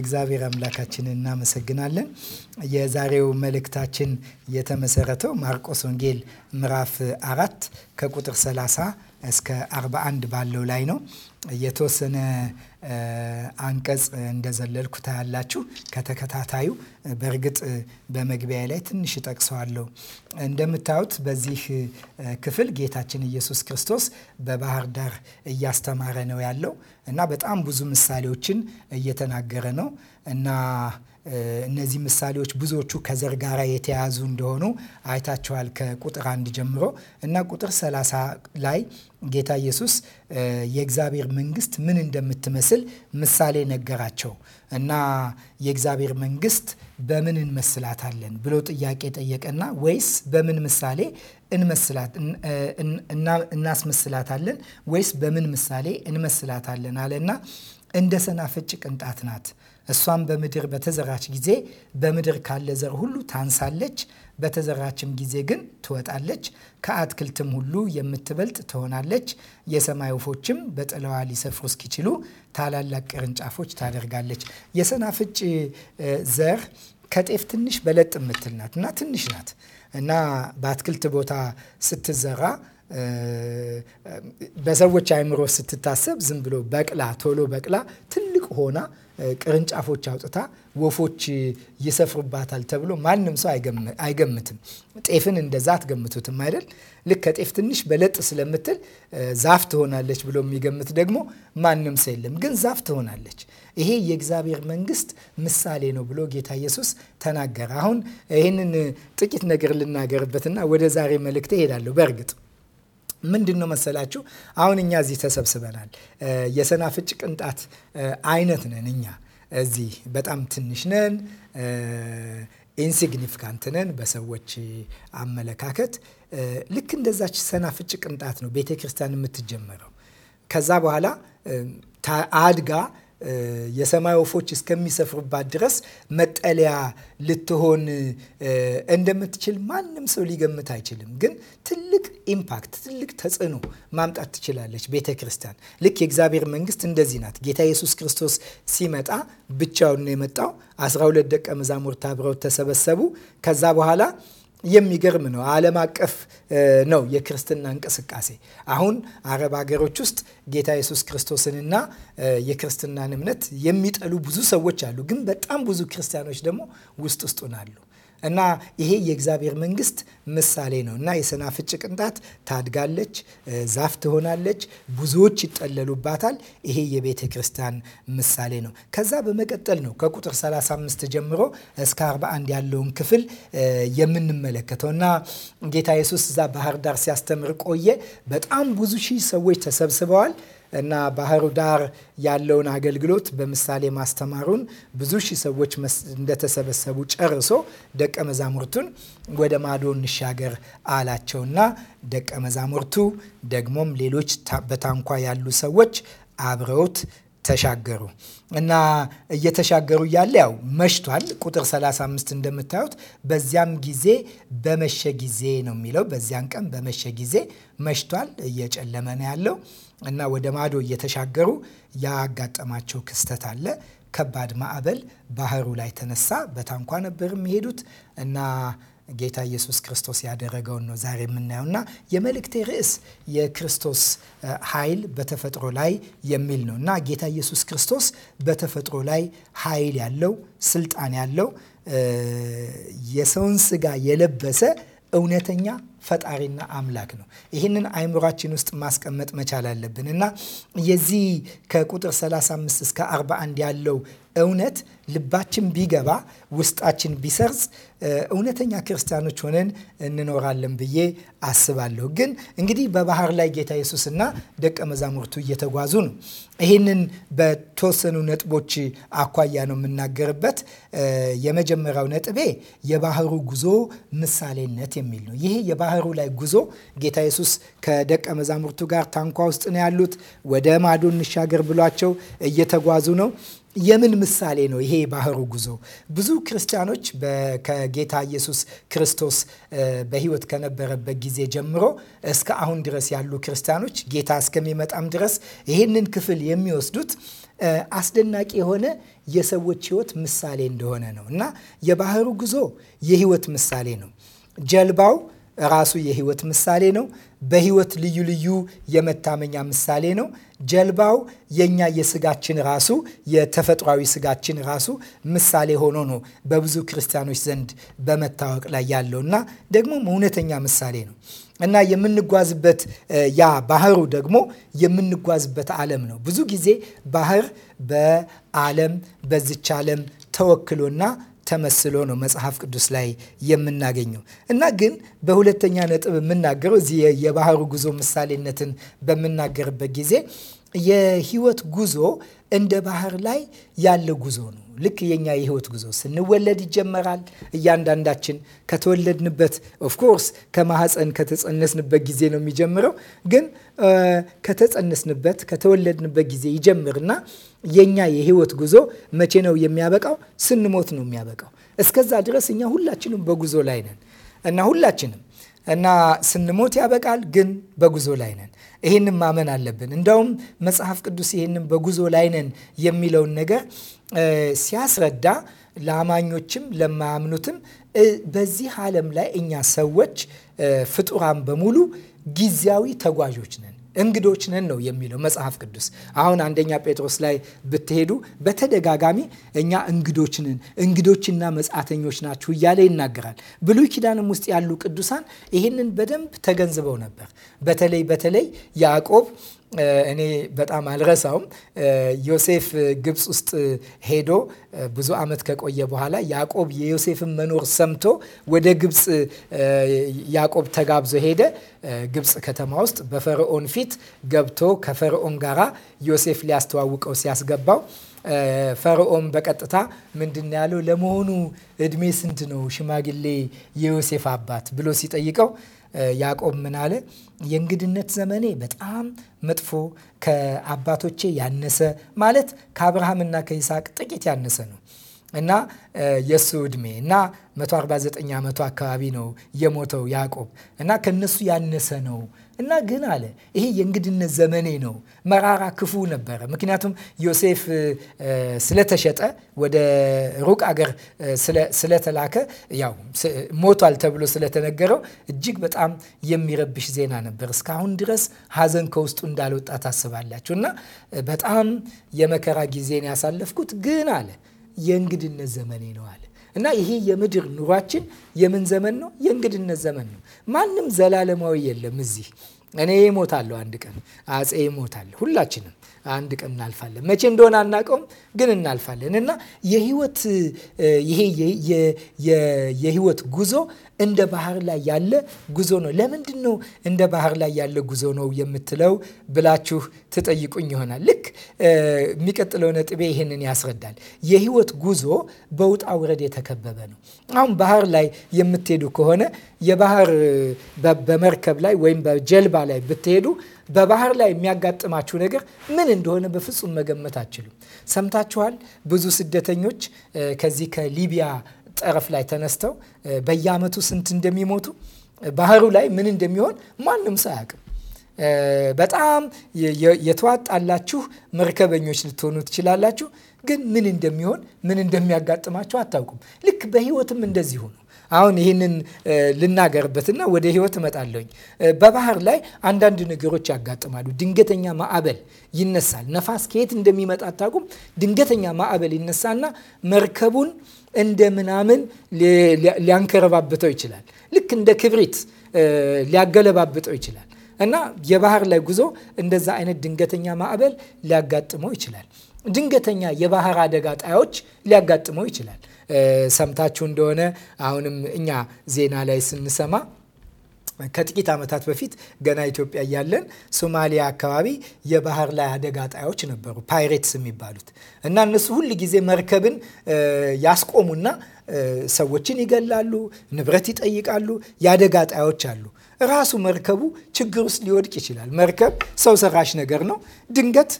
እግዚአብሔር አምላካችንን እናመሰግናለን። የዛሬው መልእክታችን የተመሰረተው ማርቆስ ወንጌል ምዕራፍ አራት ከቁጥር 30 እስከ 41 ባለው ላይ ነው። የተወሰነ አንቀጽ እንደዘለልኩ ታያላችሁ። ከተከታታዩ በእርግጥ በመግቢያ ላይ ትንሽ እጠቅሰዋለሁ። እንደምታዩት በዚህ ክፍል ጌታችን ኢየሱስ ክርስቶስ በባህር ዳር እያስተማረ ነው ያለው እና በጣም ብዙ ምሳሌዎችን እየተናገረ ነው እና እነዚህ ምሳሌዎች ብዙዎቹ ከዘር ጋር የተያያዙ እንደሆኑ አይታቸዋል ከቁጥር አንድ ጀምሮ እና ቁጥር 30 ላይ ጌታ ኢየሱስ የእግዚአብሔር መንግስት ምን እንደምትመስል ምሳሌ ነገራቸው እና የእግዚአብሔር መንግስት በምን እንመስላታለን ብሎ ጥያቄ ጠየቀና ወይስ በምን ምሳሌ እናስመስላታለን ወይስ በምን ምሳሌ እንመስላታለን አለና እንደ ሰናፍጭ ቅንጣት ናት እሷም በምድር በተዘራች ጊዜ በምድር ካለ ዘር ሁሉ ታንሳለች፣ በተዘራችም ጊዜ ግን ትወጣለች፣ ከአትክልትም ሁሉ የምትበልጥ ትሆናለች። የሰማይ ወፎችም በጥላዋ ሊሰፍሩ እስኪችሉ ታላላቅ ቅርንጫፎች ታደርጋለች። የሰናፍጭ ዘር ከጤፍ ትንሽ በለጥ የምትል ናት እና ትንሽ ናት እና በአትክልት ቦታ ስትዘራ በሰዎች አይምሮ ስትታሰብ ዝም ብሎ በቅላ ቶሎ በቅላ ሆና ቅርንጫፎች አውጥታ ወፎች ይሰፍሩባታል ተብሎ ማንም ሰው አይገምትም። ጤፍን እንደዛ አትገምቱትም አይደል? ልክ ከጤፍ ትንሽ በለጥ ስለምትል ዛፍ ትሆናለች ብሎ የሚገምት ደግሞ ማንም ሰው የለም። ግን ዛፍ ትሆናለች። ይሄ የእግዚአብሔር መንግስት ምሳሌ ነው ብሎ ጌታ ኢየሱስ ተናገረ። አሁን ይህንን ጥቂት ነገር ልናገርበትና ወደ ዛሬ መልእክት እሄዳለሁ። በእርግጥ ምንድን ነው መሰላችሁ? አሁን እኛ እዚህ ተሰብስበናል። የሰናፍጭ ቅንጣት አይነት ነን። እኛ እዚህ በጣም ትንሽ ነን፣ ኢንሲግኒፊካንት ነን በሰዎች አመለካከት። ልክ እንደዛች ሰናፍጭ ቅንጣት ነው ቤተ ክርስቲያን የምትጀመረው። ከዛ በኋላ አድጋ የሰማይ ወፎች እስከሚሰፍሩባት ድረስ መጠለያ ልትሆን እንደምትችል ማንም ሰው ሊገምት አይችልም። ግን ትልቅ ኢምፓክት፣ ትልቅ ተጽዕኖ ማምጣት ትችላለች ቤተ ክርስቲያን። ልክ የእግዚአብሔር መንግስት እንደዚህ ናት። ጌታ ኢየሱስ ክርስቶስ ሲመጣ ብቻውን ነው የመጣው። 12 ደቀ መዛሙርት አብረው ተሰበሰቡ። ከዛ በኋላ የሚገርም ነው። ዓለም አቀፍ ነው የክርስትና እንቅስቃሴ። አሁን አረብ ሀገሮች ውስጥ ጌታ ኢየሱስ ክርስቶስንና የክርስትናን እምነት የሚጠሉ ብዙ ሰዎች አሉ። ግን በጣም ብዙ ክርስቲያኖች ደግሞ ውስጥ ውስጡን አሉ። እና ይሄ የእግዚአብሔር መንግስት ምሳሌ ነው እና የሰናፍጭ ቅንጣት ታድጋለች፣ ዛፍ ትሆናለች፣ ብዙዎች ይጠለሉባታል። ይሄ የቤተ ክርስቲያን ምሳሌ ነው። ከዛ በመቀጠል ነው ከቁጥር 35 ጀምሮ እስከ 41 ያለውን ክፍል የምንመለከተው እና ጌታ ኢየሱስ እዛ ባህር ዳር ሲያስተምር ቆየ። በጣም ብዙ ሺህ ሰዎች ተሰብስበዋል። እና ባህሩ ዳር ያለውን አገልግሎት በምሳሌ ማስተማሩን ብዙ ሺህ ሰዎች እንደተሰበሰቡ ጨርሶ ደቀ መዛሙርቱን ወደ ማዶ እንሻገር አላቸውና ደቀ መዛሙርቱ ደግሞም ሌሎች በታንኳ ያሉ ሰዎች አብረውት ተሻገሩ እና እየተሻገሩ እያለ ያው መሽቷል። ቁጥር 35 እንደምታዩት በዚያም ጊዜ በመሸ ጊዜ ነው የሚለው። በዚያን ቀን በመሸ ጊዜ መሽቷል፣ እየጨለመ ነው ያለው እና ወደ ማዶ እየተሻገሩ ያጋጠማቸው ክስተት አለ። ከባድ ማዕበል ባህሩ ላይ ተነሳ። በታንኳ ነበር የሚሄዱት እና ጌታ ኢየሱስ ክርስቶስ ያደረገውን ነው ዛሬ የምናየው እና የመልእክቴ ርዕስ የክርስቶስ ኃይል በተፈጥሮ ላይ የሚል ነው እና ጌታ ኢየሱስ ክርስቶስ በተፈጥሮ ላይ ኃይል ያለው ስልጣን ያለው የሰውን ስጋ የለበሰ እውነተኛ ፈጣሪና አምላክ ነው። ይህንን አይምሯችን ውስጥ ማስቀመጥ መቻል አለብን እና የዚህ ከቁጥር 35 እስከ 41 ያለው እውነት ልባችን ቢገባ ውስጣችን ቢሰርጽ እውነተኛ ክርስቲያኖች ሆነን እንኖራለን ብዬ አስባለሁ። ግን እንግዲህ በባህር ላይ ጌታ ኢየሱስና ደቀ መዛሙርቱ እየተጓዙ ነው። ይህንን በተወሰኑ ነጥቦች አኳያ ነው የምናገርበት። የመጀመሪያው ነጥቤ የባህሩ ጉዞ ምሳሌነት የሚል ነው። ይሄ የባህሩ ላይ ጉዞ ጌታ ኢየሱስ ከደቀ መዛሙርቱ ጋር ታንኳ ውስጥ ነው ያሉት። ወደ ማዶ እንሻገር ብሏቸው እየተጓዙ ነው። የምን ምሳሌ ነው ይሄ የባህሩ ጉዞ? ብዙ ክርስቲያኖች ከጌታ ኢየሱስ ክርስቶስ በሕይወት ከነበረበት ጊዜ ጀምሮ እስከ አሁን ድረስ ያሉ ክርስቲያኖች ጌታ እስከሚመጣም ድረስ ይህንን ክፍል የሚወስዱት አስደናቂ የሆነ የሰዎች ሕይወት ምሳሌ እንደሆነ ነው እና የባህሩ ጉዞ የሕይወት ምሳሌ ነው። ጀልባው ራሱ የህይወት ምሳሌ ነው። በህይወት ልዩ ልዩ የመታመኛ ምሳሌ ነው። ጀልባው የኛ የስጋችን ራሱ የተፈጥሯዊ ስጋችን ራሱ ምሳሌ ሆኖ ነው በብዙ ክርስቲያኖች ዘንድ በመታወቅ ላይ ያለው እና ደግሞም እውነተኛ ምሳሌ ነው እና የምንጓዝበት ያ ባህሩ ደግሞ የምንጓዝበት ዓለም ነው። ብዙ ጊዜ ባህር በዓለም በዚች ዓለም ተወክሎና ተመስሎ ነው መጽሐፍ ቅዱስ ላይ የምናገኘው እና ግን በሁለተኛ ነጥብ የምናገረው እዚህ የባህሩ ጉዞ ምሳሌነትን በምናገርበት ጊዜ የህይወት ጉዞ እንደ ባህር ላይ ያለ ጉዞ ነው። ልክ የኛ የህይወት ጉዞ ስንወለድ ይጀመራል። እያንዳንዳችን ከተወለድንበት ኦፍኮርስ ከማህፀን ከተጸነስንበት ጊዜ ነው የሚጀምረው። ግን ከተጸነስንበት ከተወለድንበት ጊዜ ይጀምርና የኛ የህይወት ጉዞ መቼ ነው የሚያበቃው? ስንሞት ነው የሚያበቃው። እስከዛ ድረስ እኛ ሁላችንም በጉዞ ላይ ነን እና ሁላችንም እና ስንሞት ያበቃል፣ ግን በጉዞ ላይ ነን። ይህንም ማመን አለብን። እንዳውም መጽሐፍ ቅዱስ ይህንም በጉዞ ላይ ነን የሚለውን ነገር ሲያስረዳ ለአማኞችም ለማያምኑትም በዚህ ዓለም ላይ እኛ ሰዎች ፍጡራን በሙሉ ጊዜያዊ ተጓዦች ነን። እንግዶች ነን ነው የሚለው መጽሐፍ ቅዱስ። አሁን አንደኛ ጴጥሮስ ላይ ብትሄዱ በተደጋጋሚ እኛ እንግዶች ነን፣ እንግዶችና መጻተኞች ናችሁ እያለ ይናገራል። ብሉይ ኪዳንም ውስጥ ያሉ ቅዱሳን ይህንን በደንብ ተገንዝበው ነበር። በተለይ በተለይ ያዕቆብ እኔ በጣም አልረሳውም። ዮሴፍ ግብፅ ውስጥ ሄዶ ብዙ ዓመት ከቆየ በኋላ ያዕቆብ የዮሴፍን መኖር ሰምቶ ወደ ግብፅ ያዕቆብ ተጋብዞ ሄደ። ግብፅ ከተማ ውስጥ በፈርዖን ፊት ገብቶ ከፈርዖን ጋራ ዮሴፍ ሊያስተዋውቀው ሲያስገባው ፈርዖን በቀጥታ ምንድን ያለው ለመሆኑ እድሜ ስንት ነው ሽማግሌ የዮሴፍ አባት ብሎ ሲጠይቀው ያዕቆብ ምን አለ? የእንግድነት ዘመኔ በጣም መጥፎ፣ ከአባቶቼ ያነሰ ማለት ከአብርሃምና ከይስሐቅ ጥቂት ያነሰ ነው እና የእሱ ዕድሜ እና 149 ዓመቱ አካባቢ ነው የሞተው ያዕቆብ እና ከነሱ ያነሰ ነው እና ግን አለ ይሄ የእንግድነት ዘመኔ ነው። መራራ ክፉ ነበረ። ምክንያቱም ዮሴፍ ስለተሸጠ ወደ ሩቅ አገር ስለተላከ ያው ሞቷል ተብሎ ስለተነገረው እጅግ በጣም የሚረብሽ ዜና ነበር። እስካሁን ድረስ ሐዘን ከውስጡ እንዳልወጣ ታስባላችሁ። እና በጣም የመከራ ጊዜን ያሳለፍኩት ግን አለ የእንግድነት ዘመኔ ነው አለ እና ይሄ የምድር ኑሯችን የምን ዘመን ነው? የእንግድነት ዘመን ነው። ማንም ዘላለማዊ የለም እዚህ እኔ እሞታለሁ አንድ ቀን አጼ እሞታለሁ ሁላችንም አንድ ቀን እናልፋለን። መቼ እንደሆነ አናውቀውም፣ ግን እናልፋለን እና የህይወት ይሄ የህይወት ጉዞ እንደ ባህር ላይ ያለ ጉዞ ነው። ለምንድን ነው እንደ ባህር ላይ ያለ ጉዞ ነው የምትለው ብላችሁ ትጠይቁኝ ይሆናል። ልክ የሚቀጥለው ነጥቤ ይህንን ያስረዳል። የህይወት ጉዞ በውጣ ውረድ የተከበበ ነው። አሁን ባህር ላይ የምትሄዱ ከሆነ የባህር በመርከብ ላይ ወይም በጀልባ ላይ ብትሄዱ በባህር ላይ የሚያጋጥማችሁ ነገር ምን እንደሆነ በፍጹም መገመት አትችሉም። ሰምታችኋል። ብዙ ስደተኞች ከዚህ ከሊቢያ ጠረፍ ላይ ተነስተው በየአመቱ ስንት እንደሚሞቱ ባህሩ ላይ ምን እንደሚሆን ማንም ሰው አያውቅም። በጣም የተዋጣላችሁ መርከበኞች ልትሆኑ ትችላላችሁ፣ ግን ምን እንደሚሆን ምን እንደሚያጋጥማችሁ አታውቁም። ልክ በህይወትም እንደዚህ ሆኑ። አሁን ይህንን ልናገርበትና ወደ ህይወት እመጣለሁኝ። በባህር ላይ አንዳንድ ነገሮች ያጋጥማሉ። ድንገተኛ ማዕበል ይነሳል። ነፋስ ከየት እንደሚመጣ አታውቁም። ድንገተኛ ማዕበል ይነሳና መርከቡን እንደ ምናምን ሊያንከረባብተው ይችላል። ልክ እንደ ክብሪት ሊያገለባብጠው ይችላል። እና የባህር ላይ ጉዞ እንደዛ አይነት ድንገተኛ ማዕበል ሊያጋጥመው ይችላል። ድንገተኛ የባህር አደጋ ጣዮች ሊያጋጥመው ይችላል። ሰምታችሁ እንደሆነ አሁንም እኛ ዜና ላይ ስንሰማ ከጥቂት ዓመታት በፊት ገና ኢትዮጵያ እያለን ሶማሊያ አካባቢ የባህር ላይ አደጋ ጣዮች ነበሩ፣ ፓይሬትስ የሚባሉት እና እነሱ ሁል ጊዜ መርከብን ያስቆሙና ሰዎችን ይገላሉ፣ ንብረት ይጠይቃሉ። የአደጋ ጣዮች አሉ ራሱ መርከቡ ችግር ውስጥ ሊወድቅ ይችላል። መርከብ ሰው ሰራሽ ነገር ነው። ድንገት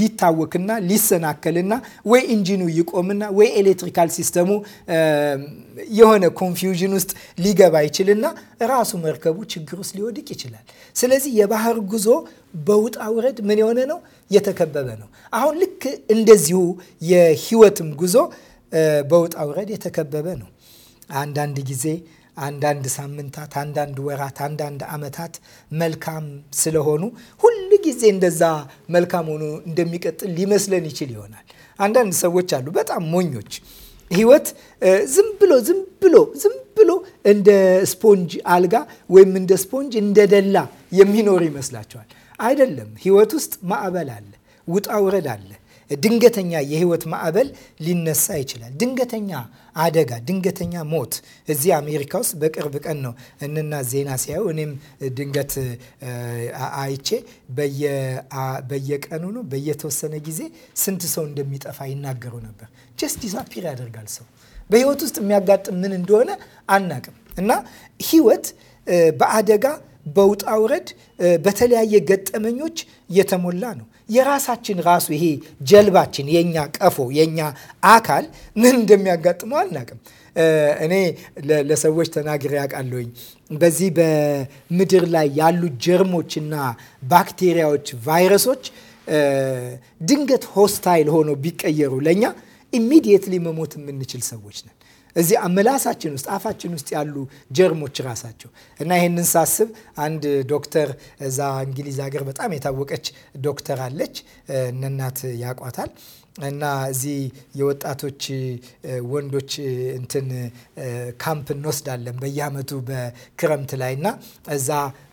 ሊታወክና ሊሰናከልና ወይ ኢንጂኑ ይቆምና ወይ ኤሌክትሪካል ሲስተሙ የሆነ ኮንፊውዥን ውስጥ ሊገባ ይችልና ራሱ መርከቡ ችግር ውስጥ ሊወድቅ ይችላል። ስለዚህ የባህር ጉዞ በውጣ ውረድ ምን የሆነ ነው? የተከበበ ነው። አሁን ልክ እንደዚሁ የህይወትም ጉዞ በውጣ ውረድ የተከበበ ነው። አንዳንድ ጊዜ አንዳንድ ሳምንታት፣ አንዳንድ ወራት፣ አንዳንድ ዓመታት መልካም ስለሆኑ ሁል ጊዜ እንደዛ መልካም ሆኖ እንደሚቀጥል ሊመስለን ይችል ይሆናል። አንዳንድ ሰዎች አሉ በጣም ሞኞች። ህይወት ዝም ብሎ ዝም ብሎ ዝም ብሎ እንደ ስፖንጅ አልጋ ወይም እንደ ስፖንጅ እንደደላ የሚኖር ይመስላቸዋል። አይደለም። ህይወት ውስጥ ማዕበል አለ፣ ውጣ ውረድ አለ፣ ድንገተኛ የህይወት ማዕበል ሊነሳ ይችላል። ድንገተኛ አደጋ፣ ድንገተኛ ሞት። እዚህ አሜሪካ ውስጥ በቅርብ ቀን ነው እንና ዜና ሲያዩ እኔም ድንገት አይቼ በየቀኑ ነው በየተወሰነ ጊዜ ስንት ሰው እንደሚጠፋ ይናገሩ ነበር። ጀስት ዲዛፒር ያደርጋል ሰው በህይወት ውስጥ የሚያጋጥም ምን እንደሆነ አናቅም እና ህይወት በአደጋ በውጣ ውረድ፣ በተለያየ ገጠመኞች የተሞላ ነው። የራሳችን ራሱ ይሄ ጀልባችን፣ የኛ ቀፎ፣ የኛ አካል ምን እንደሚያጋጥመው አልናቅም። እኔ ለሰዎች ተናግሬ ያውቃለሁኝ በዚህ በምድር ላይ ያሉ ጀርሞችና ባክቴሪያዎች፣ ቫይረሶች ድንገት ሆስታይል ሆኖ ቢቀየሩ ለእኛ ኢሚዲየትሊ መሞት የምንችል ሰዎች ነን። እዚህ ምላሳችን ውስጥ አፋችን ውስጥ ያሉ ጀርሞች ራሳቸው እና ይህንን ሳስብ አንድ ዶክተር እዛ እንግሊዝ ሀገር በጣም የታወቀች ዶክተር አለች እነናት ያቋታል እና እዚህ የወጣቶች ወንዶች እንትን ካምፕ እንወስዳለን በየአመቱ በክረምት ላይ እና እዛ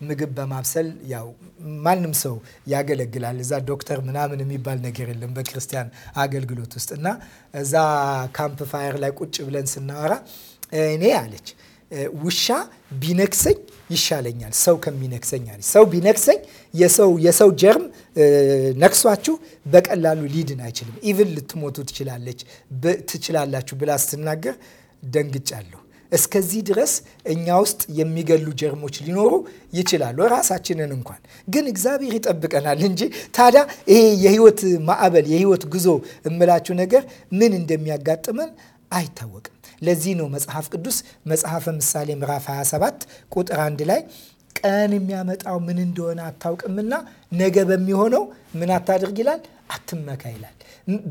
ምግብ በማብሰል ያው ማንም ሰው ያገለግላል። እዛ ዶክተር ምናምን የሚባል ነገር የለም በክርስቲያን አገልግሎት ውስጥ እና እዛ ካምፕ ፋየር ላይ ቁጭ ብለን ስናወራ እኔ አለች ውሻ ቢነክሰኝ ይሻለኛል ሰው ከሚነክሰኝ አለ። ሰው ቢነክሰኝ የሰው ጀርም ነክሷችሁ በቀላሉ ሊድን አይችልም። ኢቭን ልትሞቱ ትችላለች ትችላላችሁ ብላ ስትናገር ደንግጫለሁ። እስከዚህ ድረስ እኛ ውስጥ የሚገሉ ጀርሞች ሊኖሩ ይችላሉ፣ ራሳችንን እንኳን ግን እግዚአብሔር ይጠብቀናል እንጂ። ታዲያ ይሄ የህይወት ማዕበል የህይወት ጉዞ እምላችሁ ነገር ምን እንደሚያጋጥመን አይታወቅም። ለዚህ ነው መጽሐፍ ቅዱስ መጽሐፈ ምሳሌ ምዕራፍ 27 ቁጥር አንድ ላይ ቀን የሚያመጣው ምን እንደሆነ አታውቅምና ነገ በሚሆነው ምን አታድርግ ይላል፣ አትመካ ይላል።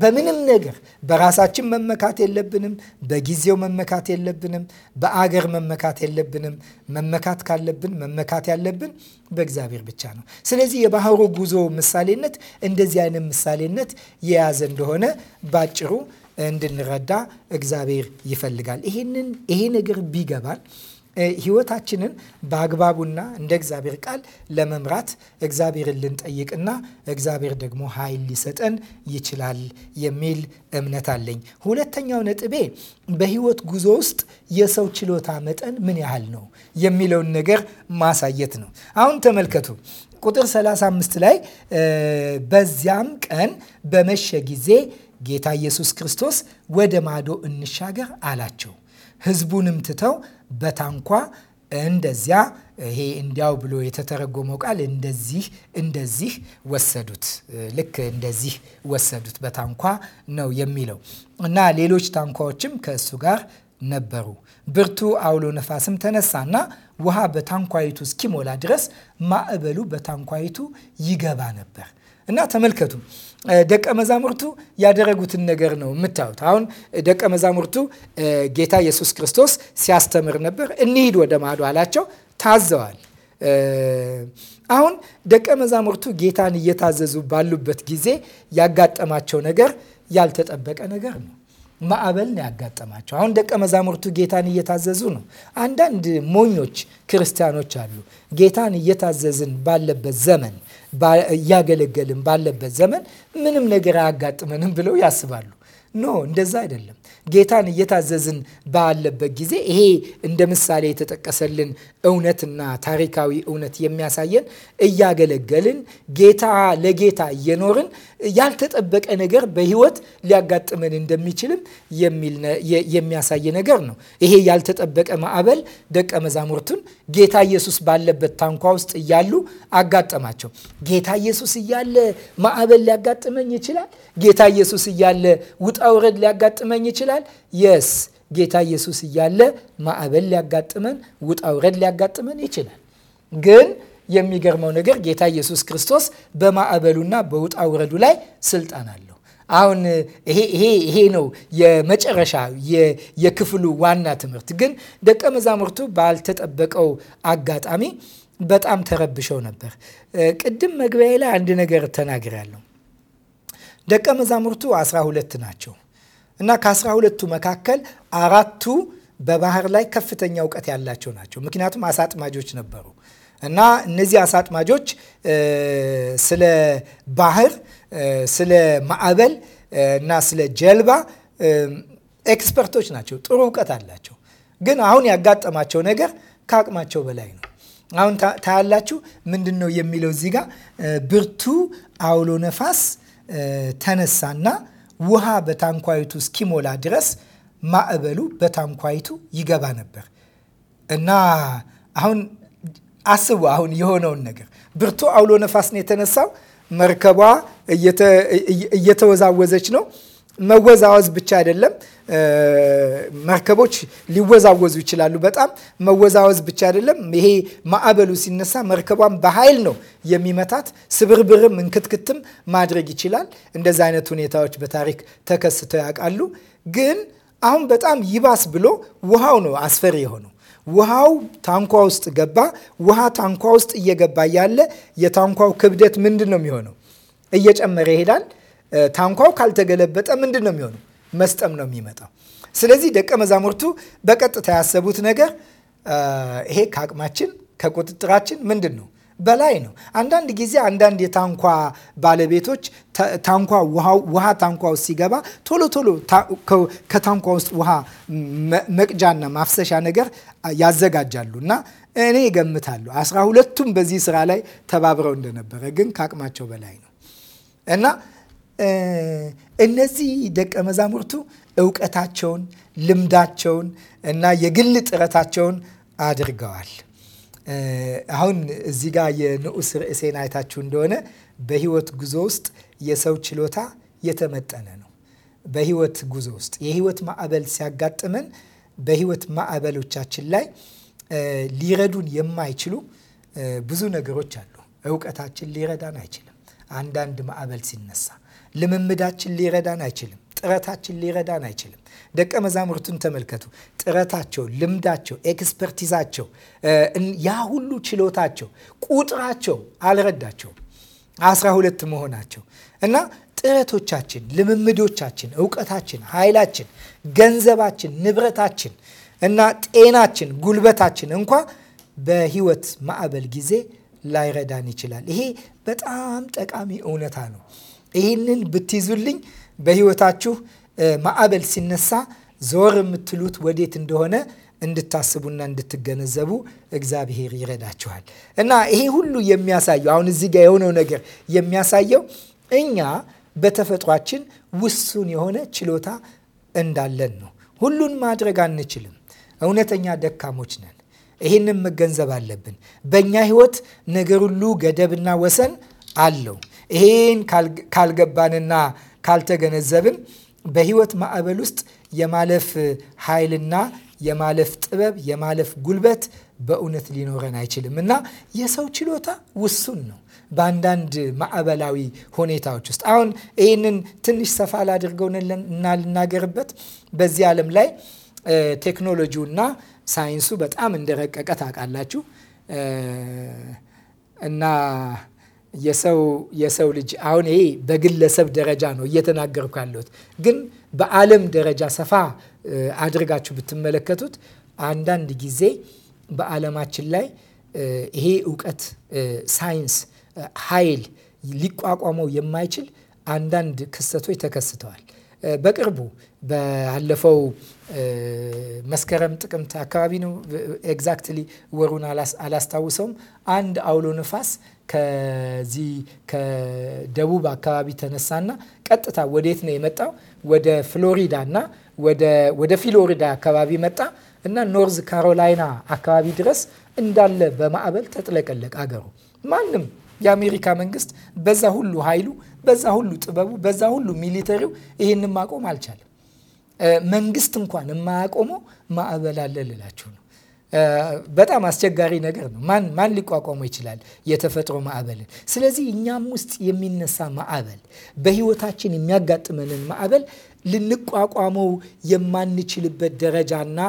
በምንም ነገር በራሳችን መመካት የለብንም። በጊዜው መመካት የለብንም። በአገር መመካት የለብንም። መመካት ካለብን መመካት ያለብን በእግዚአብሔር ብቻ ነው። ስለዚህ የባህሩ ጉዞ ምሳሌነት እንደዚህ አይነት ምሳሌነት የያዘ እንደሆነ ባጭሩ እንድንረዳ እግዚአብሔር ይፈልጋል። ይሄንን ይሄ ነገር ቢገባን ህይወታችንን በአግባቡና እንደ እግዚአብሔር ቃል ለመምራት እግዚአብሔርን ልንጠይቅና እግዚአብሔር ደግሞ ኃይል ሊሰጠን ይችላል የሚል እምነት አለኝ። ሁለተኛው ነጥቤ በህይወት ጉዞ ውስጥ የሰው ችሎታ መጠን ምን ያህል ነው የሚለውን ነገር ማሳየት ነው። አሁን ተመልከቱ ቁጥር 35 ላይ በዚያም ቀን በመሸ ጊዜ ጌታ ኢየሱስ ክርስቶስ ወደ ማዶ እንሻገር አላቸው። ህዝቡንም ትተው በታንኳ እንደዚያ ይሄ እንዲያው ብሎ የተተረጎመው ቃል እንደዚህ እንደዚህ ወሰዱት። ልክ እንደዚህ ወሰዱት በታንኳ ነው የሚለው እና ሌሎች ታንኳዎችም ከእሱ ጋር ነበሩ። ብርቱ አውሎ ነፋስም ተነሳና ውሃ በታንኳይቱ እስኪሞላ ድረስ ማዕበሉ በታንኳይቱ ይገባ ነበር። እና ተመልከቱ ደቀ መዛሙርቱ ያደረጉትን ነገር ነው የምታዩት። አሁን ደቀ መዛሙርቱ ጌታ ኢየሱስ ክርስቶስ ሲያስተምር ነበር። እንሂድ ወደ ማዶ አላቸው። ታዘዋል። አሁን ደቀ መዛሙርቱ ጌታን እየታዘዙ ባሉበት ጊዜ ያጋጠማቸው ነገር ያልተጠበቀ ነገር ነው። ማዕበል ነው ያጋጠማቸው። አሁን ደቀ መዛሙርቱ ጌታን እየታዘዙ ነው። አንዳንድ ሞኞች ክርስቲያኖች አሉ። ጌታን እየታዘዝን ባለበት ዘመን፣ እያገለገልን ባለበት ዘመን ምንም ነገር አያጋጥመንም ብለው ያስባሉ። ኖ እንደዛ አይደለም። ጌታን እየታዘዝን ባለበት ጊዜ ይሄ እንደ ምሳሌ የተጠቀሰልን እውነትና ታሪካዊ እውነት የሚያሳየን እያገለገልን ጌታ ለጌታ እየኖርን ያልተጠበቀ ነገር በህይወት ሊያጋጥመን እንደሚችልም የሚያሳይ ነገር ነው። ይሄ ያልተጠበቀ ማዕበል ደቀ መዛሙርቱን ጌታ ኢየሱስ ባለበት ታንኳ ውስጥ እያሉ አጋጠማቸው። ጌታ ኢየሱስ እያለ ማዕበል ሊያጋጥመኝ ይችላል። ጌታ ኢየሱስ እያለ ውጣ ውረድ ሊያጋጥመኝ ይችላል። የስ ጌታ ኢየሱስ እያለ ማዕበል ሊያጋጥመን፣ ውጣ ውረድ ሊያጋጥመን ይችላል። ግን የሚገርመው ነገር ጌታ ኢየሱስ ክርስቶስ በማዕበሉና በውጣ ውረዱ ላይ ስልጣን አለው። አሁን ይሄ ይሄ ነው የመጨረሻ የክፍሉ ዋና ትምህርት። ግን ደቀ መዛሙርቱ ባልተጠበቀው አጋጣሚ በጣም ተረብሸው ነበር። ቅድም መግቢያ ላይ አንድ ነገር ተናግሬያለሁ። ደቀ መዛሙርቱ አስራ ሁለት ናቸው እና ከአስራ ሁለቱ መካከል አራቱ በባህር ላይ ከፍተኛ እውቀት ያላቸው ናቸው። ምክንያቱም አሳጥማጆች ነበሩ እና እነዚህ አሳጥማጆች ስለ ባህር፣ ስለ ማዕበል እና ስለ ጀልባ ኤክስፐርቶች ናቸው። ጥሩ እውቀት አላቸው። ግን አሁን ያጋጠማቸው ነገር ከአቅማቸው በላይ ነው። አሁን ታያላችሁ ምንድን ነው የሚለው እዚህ ጋር ብርቱ አውሎ ነፋስ ተነሳና ውሃ በታንኳይቱ እስኪሞላ ድረስ ማዕበሉ በታንኳይቱ ይገባ ነበር እና አሁን አስቡ አሁን የሆነውን ነገር ብርቱ አውሎ ነፋስ ነው የተነሳው። መርከቧ እየተወዛወዘች ነው። መወዛወዝ ብቻ አይደለም፣ መርከቦች ሊወዛወዙ ይችላሉ። በጣም መወዛወዝ ብቻ አይደለም። ይሄ ማዕበሉ ሲነሳ መርከቧን በኃይል ነው የሚመታት። ስብርብርም እንክትክትም ማድረግ ይችላል። እንደዚህ አይነት ሁኔታዎች በታሪክ ተከስተው ያውቃሉ ግን አሁን በጣም ይባስ ብሎ ውሃው ነው አስፈሪ የሆነው። ውሃው ታንኳ ውስጥ ገባ። ውሃ ታንኳ ውስጥ እየገባ ያለ የታንኳው ክብደት ምንድን ነው የሚሆነው? እየጨመረ ይሄዳል። ታንኳው ካልተገለበጠ ምንድን ነው የሚሆነው? መስጠም ነው የሚመጣው። ስለዚህ ደቀ መዛሙርቱ በቀጥታ ያሰቡት ነገር ይሄ ከአቅማችን ከቁጥጥራችን ምንድን ነው በላይ ነው። አንዳንድ ጊዜ አንዳንድ የታንኳ ባለቤቶች ታንኳ ውሃ ታንኳ ውስጥ ሲገባ ቶሎ ቶሎ ከታንኳ ውስጥ ውሃ መቅጃና ማፍሰሻ ነገር ያዘጋጃሉ እና እኔ እገምታለሁ አስራ ሁለቱም በዚህ ስራ ላይ ተባብረው እንደነበረ ግን ከአቅማቸው በላይ ነው እና እነዚህ ደቀ መዛሙርቱ እውቀታቸውን፣ ልምዳቸውን እና የግል ጥረታቸውን አድርገዋል። አሁን እዚህ ጋር የንዑስ ርዕሴን አይታችሁ እንደሆነ በህይወት ጉዞ ውስጥ የሰው ችሎታ የተመጠነ ነው። በህይወት ጉዞ ውስጥ የህይወት ማዕበል ሲያጋጥመን በህይወት ማዕበሎቻችን ላይ ሊረዱን የማይችሉ ብዙ ነገሮች አሉ። እውቀታችን ሊረዳን አይችልም። አንዳንድ ማዕበል ሲነሳ ልምምዳችን ሊረዳን አይችልም። ጥረታችን ሊረዳን አይችልም። ደቀ መዛሙርቱን ተመልከቱ። ጥረታቸው፣ ልምዳቸው፣ ኤክስፐርቲዛቸው፣ ያ ሁሉ ችሎታቸው፣ ቁጥራቸው አልረዳቸውም። አስራ ሁለት መሆናቸው እና ጥረቶቻችን፣ ልምምዶቻችን፣ እውቀታችን፣ ኃይላችን፣ ገንዘባችን፣ ንብረታችን እና ጤናችን፣ ጉልበታችን እንኳ በህይወት ማዕበል ጊዜ ላይረዳን ይችላል። ይሄ በጣም ጠቃሚ እውነታ ነው። ይህንን ብትይዙልኝ በህይወታችሁ ማዕበል ሲነሳ ዞር የምትሉት ወዴት እንደሆነ እንድታስቡና እንድትገነዘቡ እግዚአብሔር ይረዳችኋል። እና ይሄ ሁሉ የሚያሳየው አሁን እዚህ ጋር የሆነው ነገር የሚያሳየው እኛ በተፈጥሯችን ውሱን የሆነ ችሎታ እንዳለን ነው። ሁሉን ማድረግ አንችልም። እውነተኛ ደካሞች ነን። ይህንም መገንዘብ አለብን። በእኛ ህይወት ነገር ሁሉ ገደብና ወሰን አለው። ይሄን ካልገባንና ካልተገነዘብን በህይወት ማዕበል ውስጥ የማለፍ ኃይልና የማለፍ ጥበብ የማለፍ ጉልበት በእውነት ሊኖረን አይችልም እና የሰው ችሎታ ውሱን ነው። በአንዳንድ ማዕበላዊ ሁኔታዎች ውስጥ አሁን ይህንን ትንሽ ሰፋ ላድርገው እና ልናገርበት። በዚህ ዓለም ላይ ቴክኖሎጂውና ሳይንሱ በጣም እንደረቀቀ ታውቃላችሁ እና የሰው የሰው ልጅ አሁን ይሄ በግለሰብ ደረጃ ነው እየተናገርኩ ያለሁት፣ ግን በዓለም ደረጃ ሰፋ አድርጋችሁ ብትመለከቱት አንዳንድ ጊዜ በዓለማችን ላይ ይሄ እውቀት፣ ሳይንስ፣ ኃይል ሊቋቋመው የማይችል አንዳንድ ክስተቶች ተከስተዋል። በቅርቡ ባለፈው መስከረም ጥቅምት አካባቢ ነው። ኤግዛክትሊ ወሩን አላስታውሰውም። አንድ አውሎ ነፋስ ከዚህ ከደቡብ አካባቢ ተነሳና ቀጥታ ወዴት ነው የመጣው? ወደ ፍሎሪዳ እና ወደ ፊሎሪዳ አካባቢ መጣ እና ኖርዝ ካሮላይና አካባቢ ድረስ እንዳለ በማዕበል ተጥለቀለቅ አገሩ ማንም የአሜሪካ መንግስት በዛ ሁሉ ኃይሉ፣ በዛ ሁሉ ጥበቡ፣ በዛ ሁሉ ሚሊተሪው ይህንን ማቆም አልቻለም። መንግስት እንኳን የማያቆመው ማዕበል አለ ልላችሁ ነው። በጣም አስቸጋሪ ነገር ነው። ማን ማን ሊቋቋመው ይችላል የተፈጥሮ ማዕበልን? ስለዚህ እኛም ውስጥ የሚነሳ ማዕበል፣ በህይወታችን የሚያጋጥመንን ማዕበል ልንቋቋመው የማንችልበት ደረጃና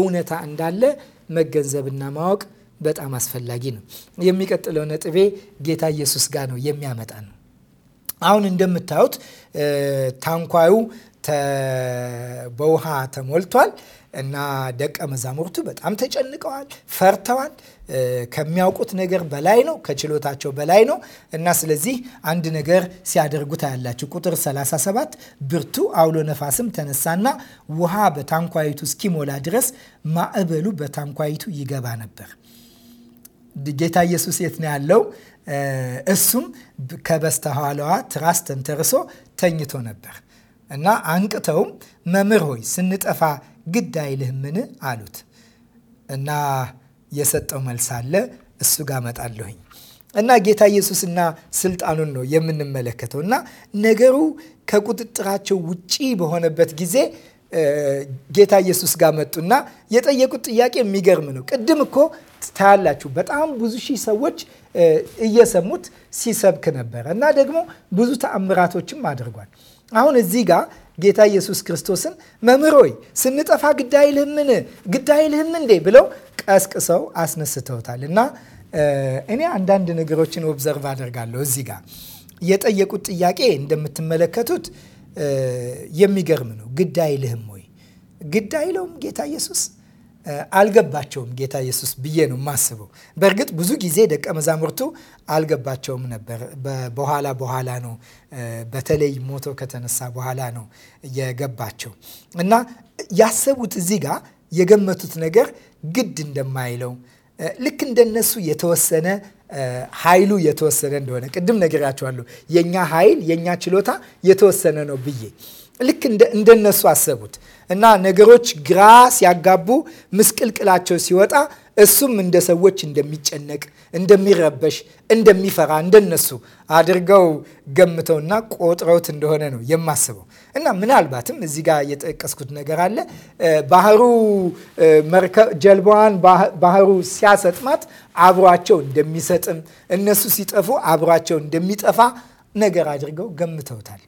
እውነታ እንዳለ መገንዘብና ማወቅ በጣም አስፈላጊ ነው። የሚቀጥለው ነጥቤ ጌታ ኢየሱስ ጋር ነው የሚያመጣ ነው። አሁን እንደምታዩት ታንኳዩ በውሃ ተሞልቷል እና ደቀ መዛሙርቱ በጣም ተጨንቀዋል፣ ፈርተዋል። ከሚያውቁት ነገር በላይ ነው፣ ከችሎታቸው በላይ ነው እና ስለዚህ አንድ ነገር ሲያደርጉ ታያላችሁ። ቁጥር 37 ብርቱ አውሎ ነፋስም ተነሳና ውሃ በታንኳይቱ እስኪሞላ ድረስ ማዕበሉ በታንኳይቱ ይገባ ነበር። ጌታ ኢየሱስ የት ነው ያለው? እሱም ከበስተኋላዋ ትራስ ተንተርሶ ተኝቶ ነበር እና አንቅተውም መምህር ሆይ ስንጠፋ ግድ አይልህምን አሉት እና የሰጠው መልስ አለ እሱ ጋር መጣለሁኝ እና ጌታ ኢየሱስና ስልጣኑን ነው የምንመለከተው እና ነገሩ ከቁጥጥራቸው ውጪ በሆነበት ጊዜ ጌታ ኢየሱስ ጋር መጡና የጠየቁት ጥያቄ የሚገርም ነው። ቅድም እኮ ታያላችሁ በጣም ብዙ ሺህ ሰዎች እየሰሙት ሲሰብክ ነበረ እና ደግሞ ብዙ ተአምራቶችም አድርጓል። አሁን እዚህ ጋር ጌታ ኢየሱስ ክርስቶስን መምህር ሆይ ስንጠፋ ግድ አይልህምን ግድ አይልህም እንዴ ብለው ቀስቅሰው አስነስተውታል። እና እኔ አንዳንድ ነገሮችን ኦብዘርቭ አደርጋለሁ እዚህ ጋር የጠየቁት ጥያቄ እንደምትመለከቱት የሚገርም ነው። ግድ አይልህም ወይ? ግድ አይለውም ጌታ ኢየሱስ አልገባቸውም ጌታ ኢየሱስ ብዬ ነው የማስበው። በእርግጥ ብዙ ጊዜ ደቀ መዛሙርቱ አልገባቸውም ነበር። በኋላ በኋላ ነው በተለይ ሞቶ ከተነሳ በኋላ ነው የገባቸው እና ያሰቡት እዚህ ጋር የገመቱት ነገር ግድ እንደማይለው ልክ እንደነሱ የተወሰነ ኃይሉ የተወሰነ እንደሆነ ቅድም ነግራችኋለሁ። የእኛ ኃይል የእኛ ችሎታ የተወሰነ ነው ብዬ ልክ እንደነሱ አሰቡት እና ነገሮች ግራ ሲያጋቡ ምስቅልቅላቸው ሲወጣ እሱም እንደ ሰዎች እንደሚጨነቅ፣ እንደሚረበሽ፣ እንደሚፈራ እንደነሱ አድርገው ገምተውና ቆጥረውት እንደሆነ ነው የማስበው። እና ምናልባትም እዚህ ጋር የጠቀስኩት ነገር አለ። ባህሩ ጀልባዋን ባህሩ ሲያሰጥማት አብሯቸው እንደሚሰጥም እነሱ ሲጠፉ አብሯቸው እንደሚጠፋ ነገር አድርገው ገምተውታል።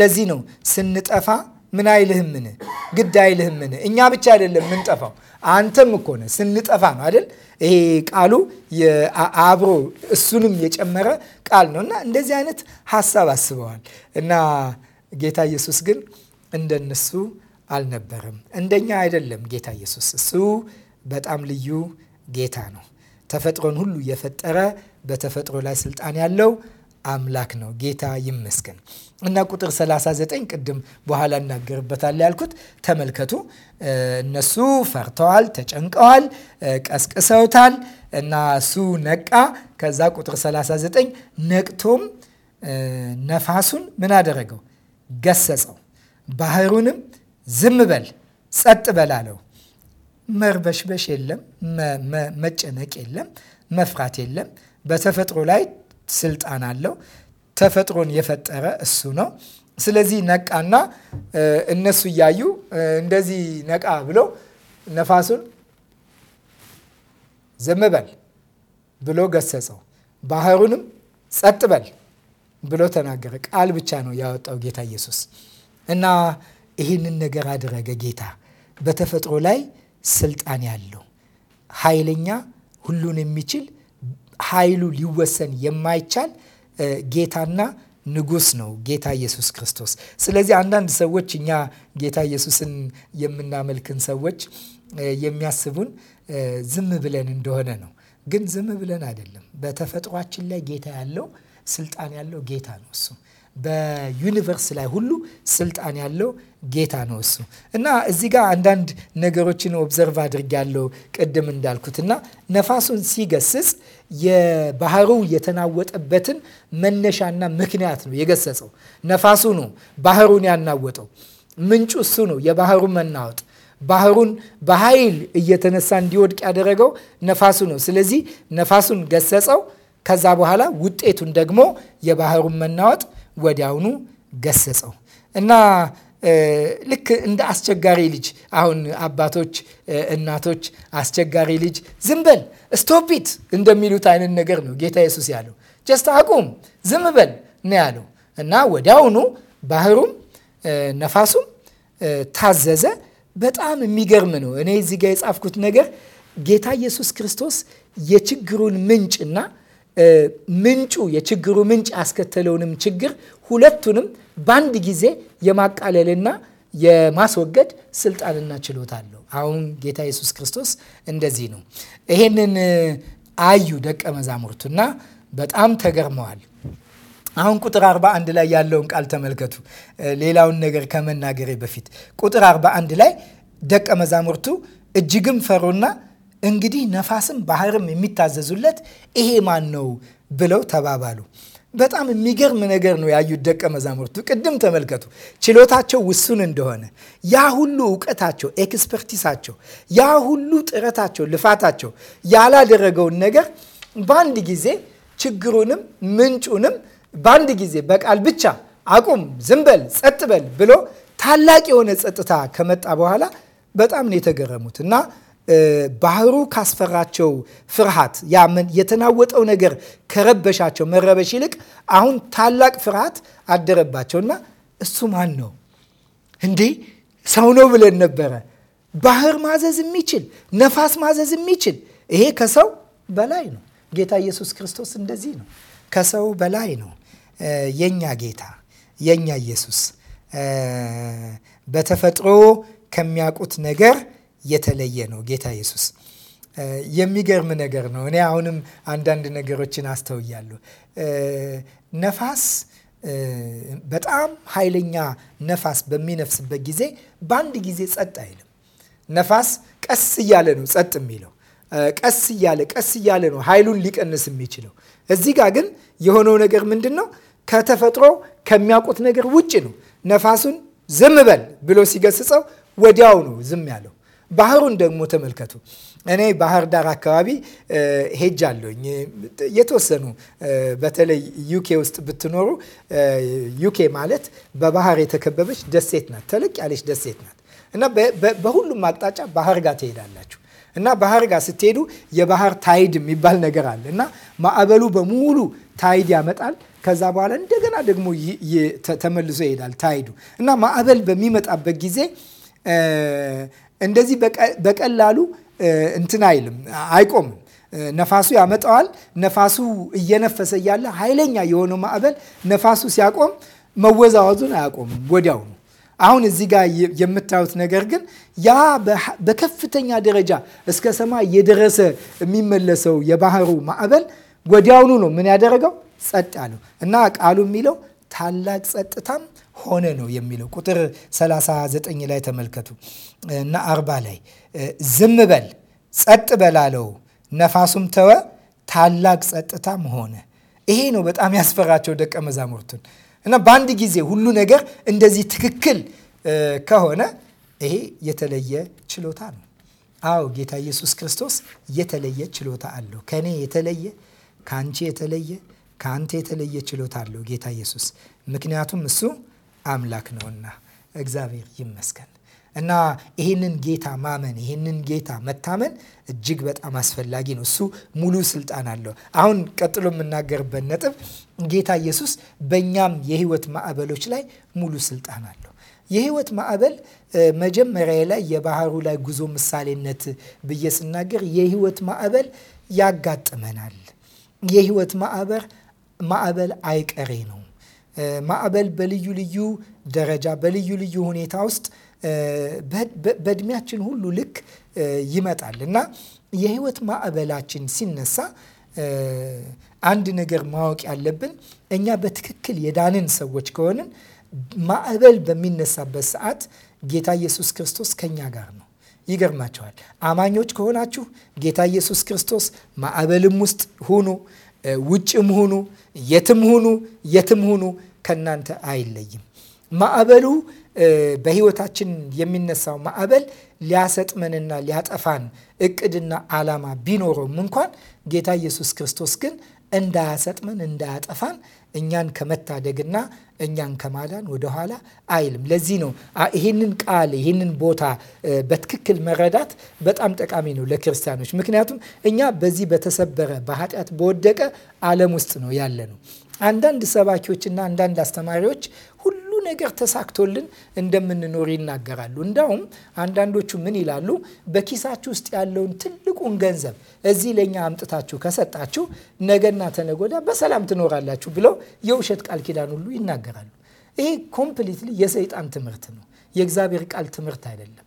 ለዚህ ነው ስንጠፋ ምን አይልህምን ግድ አይልህምን። እኛ ብቻ አይደለም ምንጠፋው፣ አንተም እኮ ነህ። ስንጠፋ ነው አይደል? ይሄ ቃሉ አብሮ እሱንም የጨመረ ቃል ነው እና እንደዚህ አይነት ሀሳብ አስበዋል እና ጌታ ኢየሱስ ግን እንደነሱ አልነበረም። እንደኛ አይደለም። ጌታ ኢየሱስ እሱ በጣም ልዩ ጌታ ነው። ተፈጥሮን ሁሉ የፈጠረ በተፈጥሮ ላይ ስልጣን ያለው አምላክ ነው። ጌታ ይመስገን እና ቁጥር 39 ቅድም በኋላ እናገርበታለሁ ያልኩት ተመልከቱ። እነሱ ፈርተዋል፣ ተጨንቀዋል፣ ቀስቅሰውታል እና እሱ ነቃ። ከዛ ቁጥር 39 ነቅቶም ነፋሱን ምን አደረገው ገሰጸው። ባህሩንም ዝም በል ጸጥ በል አለው። መርበሽበሽ የለም፣ መጨነቅ የለም፣ መፍራት የለም። በተፈጥሮ ላይ ስልጣን አለው። ተፈጥሮን የፈጠረ እሱ ነው። ስለዚህ ነቃና እነሱ እያዩ እንደዚህ ነቃ ብሎ ነፋሱን ዝም በል ብሎ ገሰጸው። ባህሩንም ጸጥ በል ብሎ ተናገረ። ቃል ብቻ ነው ያወጣው ጌታ ኢየሱስ እና ይህንን ነገር አደረገ ጌታ በተፈጥሮ ላይ ስልጣን ያለው ኃይለኛ፣ ሁሉን የሚችል ኃይሉ ሊወሰን የማይቻል ጌታና ንጉስ ነው ጌታ ኢየሱስ ክርስቶስ። ስለዚህ አንዳንድ ሰዎች እኛ ጌታ ኢየሱስን የምናመልክን ሰዎች የሚያስቡን ዝም ብለን እንደሆነ ነው። ግን ዝም ብለን አይደለም። በተፈጥሯችን ላይ ጌታ ያለው ስልጣን ያለው ጌታ ነው እሱ። በዩኒቨርስ ላይ ሁሉ ስልጣን ያለው ጌታ ነው እሱ እና እዚህ ጋር አንዳንድ ነገሮችን ኦብዘርቭ ያለው ቅድም እንዳልኩት እና ነፋሱን ሲገስጽ የባህሩ የተናወጠበትን መነሻና ምክንያት ነው የገሰጸው። ነፋሱ ነው ባህሩን ያናወጠው። ምንጩ እሱ ነው የባህሩ መናወጥ ባህሩን በኃይል እየተነሳ እንዲወድቅ ያደረገው ነፋሱ ነው። ስለዚህ ነፋሱን ገሰጸው። ከዛ በኋላ ውጤቱን ደግሞ የባህሩን መናወጥ ወዲያውኑ ገሰጸው እና ልክ እንደ አስቸጋሪ ልጅ አሁን አባቶች፣ እናቶች አስቸጋሪ ልጅ ዝም በል ስቶፒት እንደሚሉት አይነት ነገር ነው ጌታ ኢየሱስ ያለው። ጀስት አቁም፣ ዝም በል ነው ያለው እና ወዲያውኑ ባህሩም ነፋሱም ታዘዘ። በጣም የሚገርም ነው። እኔ እዚህ ጋር የጻፍኩት ነገር ጌታ ኢየሱስ ክርስቶስ የችግሩን ምንጭና ምንጩ የችግሩ ምንጭ ያስከተለውንም ችግር ሁለቱንም በአንድ ጊዜ የማቃለልና የማስወገድ ስልጣንና ችሎታ አለው። አሁን ጌታ ኢየሱስ ክርስቶስ እንደዚህ ነው። ይሄንን አዩ ደቀ መዛሙርቱና በጣም ተገርመዋል። አሁን ቁጥር 41 ላይ ያለውን ቃል ተመልከቱ። ሌላውን ነገር ከመናገሬ በፊት ቁጥር 41 ላይ ደቀ መዛሙርቱ እጅግም ፈሩና እንግዲህ ነፋስም ባህርም የሚታዘዙለት ይሄ ማን ነው ብለው ተባባሉ። በጣም የሚገርም ነገር ነው ያዩት ደቀ መዛሙርቱ። ቅድም ተመልከቱ ችሎታቸው ውሱን እንደሆነ፣ ያ ሁሉ እውቀታቸው፣ ኤክስፐርቲሳቸው፣ ያ ሁሉ ጥረታቸው፣ ልፋታቸው ያላደረገውን ነገር በአንድ ጊዜ ችግሩንም ምንጩንም በአንድ ጊዜ በቃል ብቻ አቁም፣ ዝምበል፣ ጸጥበል ብሎ ታላቅ የሆነ ጸጥታ ከመጣ በኋላ በጣም ነው የተገረሙት እና ባህሩ ካስፈራቸው ፍርሃት ያምን የተናወጠው ነገር ከረበሻቸው መረበሽ ይልቅ አሁን ታላቅ ፍርሃት አደረባቸውና እሱ ማን ነው እንዴ? ሰው ነው ብለን ነበረ። ባህር ማዘዝ የሚችል ነፋስ ማዘዝ የሚችል ይሄ ከሰው በላይ ነው። ጌታ ኢየሱስ ክርስቶስ እንደዚህ ነው። ከሰው በላይ ነው የኛ ጌታ የኛ ኢየሱስ በተፈጥሮ ከሚያውቁት ነገር የተለየ ነው ጌታ ኢየሱስ። የሚገርም ነገር ነው። እኔ አሁንም አንዳንድ ነገሮችን አስተውያለሁ። ነፋስ በጣም ኃይለኛ ነፋስ በሚነፍስበት ጊዜ በአንድ ጊዜ ጸጥ አይልም። ነፋስ ቀስ እያለ ነው ጸጥ የሚለው። ቀስ እያለ ቀስ እያለ ነው ኃይሉን ሊቀንስ የሚችለው። እዚህ ጋር ግን የሆነው ነገር ምንድን ነው? ከተፈጥሮ ከሚያውቁት ነገር ውጭ ነው። ነፋሱን ዝም በል ብሎ ሲገስጸው ወዲያው ነው ዝም ያለው። ባህሩን ደግሞ ተመልከቱ። እኔ ባህር ዳር አካባቢ ሄጃለሁኝ። የተወሰኑ በተለይ ዩኬ ውስጥ ብትኖሩ ዩኬ ማለት በባህር የተከበበች ደሴት ናት። ተለቅ ያለች ደሴት ናት እና በሁሉም አቅጣጫ ባህር ጋር ትሄዳላችሁ እና ባህር ጋር ስትሄዱ የባህር ታይድ የሚባል ነገር አለ እና ማዕበሉ በሙሉ ታይድ ያመጣል። ከዛ በኋላ እንደገና ደግሞ ተመልሶ ይሄዳል ታይዱ እና ማዕበል በሚመጣበት ጊዜ እንደዚህ በቀላሉ እንትን አይልም፣ አይቆምም። ነፋሱ ያመጣዋል። ነፋሱ እየነፈሰ እያለ ኃይለኛ የሆነው ማዕበል ነፋሱ ሲያቆም መወዛወዙን አያቆምም ወዲያው ነው። አሁን እዚህ ጋር የምታዩት ነገር ግን ያ በከፍተኛ ደረጃ እስከ ሰማይ የደረሰ የሚመለሰው የባህሩ ማዕበል ወዲያውኑ ነው ምን ያደረገው ጸጥ ያለው እና ቃሉ የሚለው ታላቅ ጸጥታም ሆነ ነው የሚለው። ቁጥር 39 ላይ ተመልከቱ እና 40 ላይ ዝም በል ጸጥ በል አለው፣ ነፋሱም ተወ፣ ታላቅ ጸጥታም ሆነ። ይሄ ነው በጣም ያስፈራቸው ደቀ መዛሙርቱን እና በአንድ ጊዜ ሁሉ ነገር እንደዚህ ትክክል ከሆነ ይሄ የተለየ ችሎታ ነው። አዎ ጌታ ኢየሱስ ክርስቶስ የተለየ ችሎታ አለው። ከእኔ የተለየ ከአንቺ የተለየ ከአንተ የተለየ ችሎታ አለው ጌታ ኢየሱስ ምክንያቱም እሱ አምላክ ነውና እግዚአብሔር ይመስገን። እና ይህንን ጌታ ማመን ይህንን ጌታ መታመን እጅግ በጣም አስፈላጊ ነው። እሱ ሙሉ ስልጣን አለው። አሁን ቀጥሎ የምናገርበት ነጥብ ጌታ ኢየሱስ በእኛም የህይወት ማዕበሎች ላይ ሙሉ ስልጣን አለው። የህይወት ማዕበል መጀመሪያ ላይ የባህሩ ላይ ጉዞ ምሳሌነት ብዬ ስናገር የህይወት ማዕበል ያጋጥመናል። የህይወት ማዕበል አይቀሬ ነው። ማዕበል በልዩ ልዩ ደረጃ በልዩ ልዩ ሁኔታ ውስጥ በእድሜያችን ሁሉ ልክ ይመጣል እና የህይወት ማዕበላችን ሲነሳ አንድ ነገር ማወቅ ያለብን እኛ በትክክል የዳንን ሰዎች ከሆንን ማዕበል በሚነሳበት ሰዓት ጌታ ኢየሱስ ክርስቶስ ከኛ ጋር ነው። ይገርማቸዋል። አማኞች ከሆናችሁ ጌታ ኢየሱስ ክርስቶስ ማዕበልም ውስጥ ሁኑ ውጭም ሁኑ የትም ሁኑ የትም ሁኑ ከእናንተ አይለይም። ማዕበሉ በህይወታችን የሚነሳው ማዕበል ሊያሰጥመንና ሊያጠፋን እቅድና ዓላማ ቢኖረውም እንኳን ጌታ ኢየሱስ ክርስቶስ ግን እንዳያሰጥመን እንዳያጠፋን እኛን ከመታደግና እኛን ከማዳን ወደኋላ አይልም። ለዚህ ነው ይህንን ቃል ይህንን ቦታ በትክክል መረዳት በጣም ጠቃሚ ነው ለክርስቲያኖች። ምክንያቱም እኛ በዚህ በተሰበረ በኃጢአት በወደቀ ዓለም ውስጥ ነው ያለ ነው። አንዳንድ ሰባኪዎችና አንዳንድ አስተማሪዎች ነገር ተሳክቶልን እንደምንኖር ይናገራሉ። እንዳውም አንዳንዶቹ ምን ይላሉ? በኪሳችሁ ውስጥ ያለውን ትልቁን ገንዘብ እዚህ ለእኛ አምጥታችሁ ከሰጣችሁ ነገና ተነጎዳ በሰላም ትኖራላችሁ ብለው የውሸት ቃል ኪዳን ሁሉ ይናገራሉ። ይሄ ኮምፕሊትሊ የሰይጣን ትምህርት ነው። የእግዚአብሔር ቃል ትምህርት አይደለም።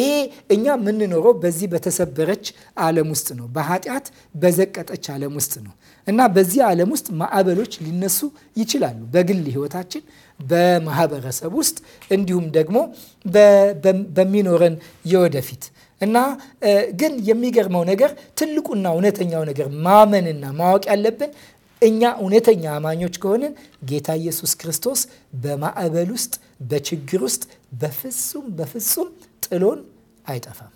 ይሄ እኛ የምንኖረው በዚህ በተሰበረች ዓለም ውስጥ ነው። በኃጢአት በዘቀጠች ዓለም ውስጥ ነው እና በዚህ ዓለም ውስጥ ማዕበሎች ሊነሱ ይችላሉ። በግል ህይወታችን። በማህበረሰብ ውስጥ እንዲሁም ደግሞ በሚኖረን የወደፊት እና ግን የሚገርመው ነገር ትልቁና እውነተኛው ነገር ማመንና ማወቅ ያለብን እኛ እውነተኛ አማኞች ከሆንን ጌታ ኢየሱስ ክርስቶስ በማዕበል ውስጥ በችግር ውስጥ በፍጹም በፍጹም ጥሎን አይጠፋም።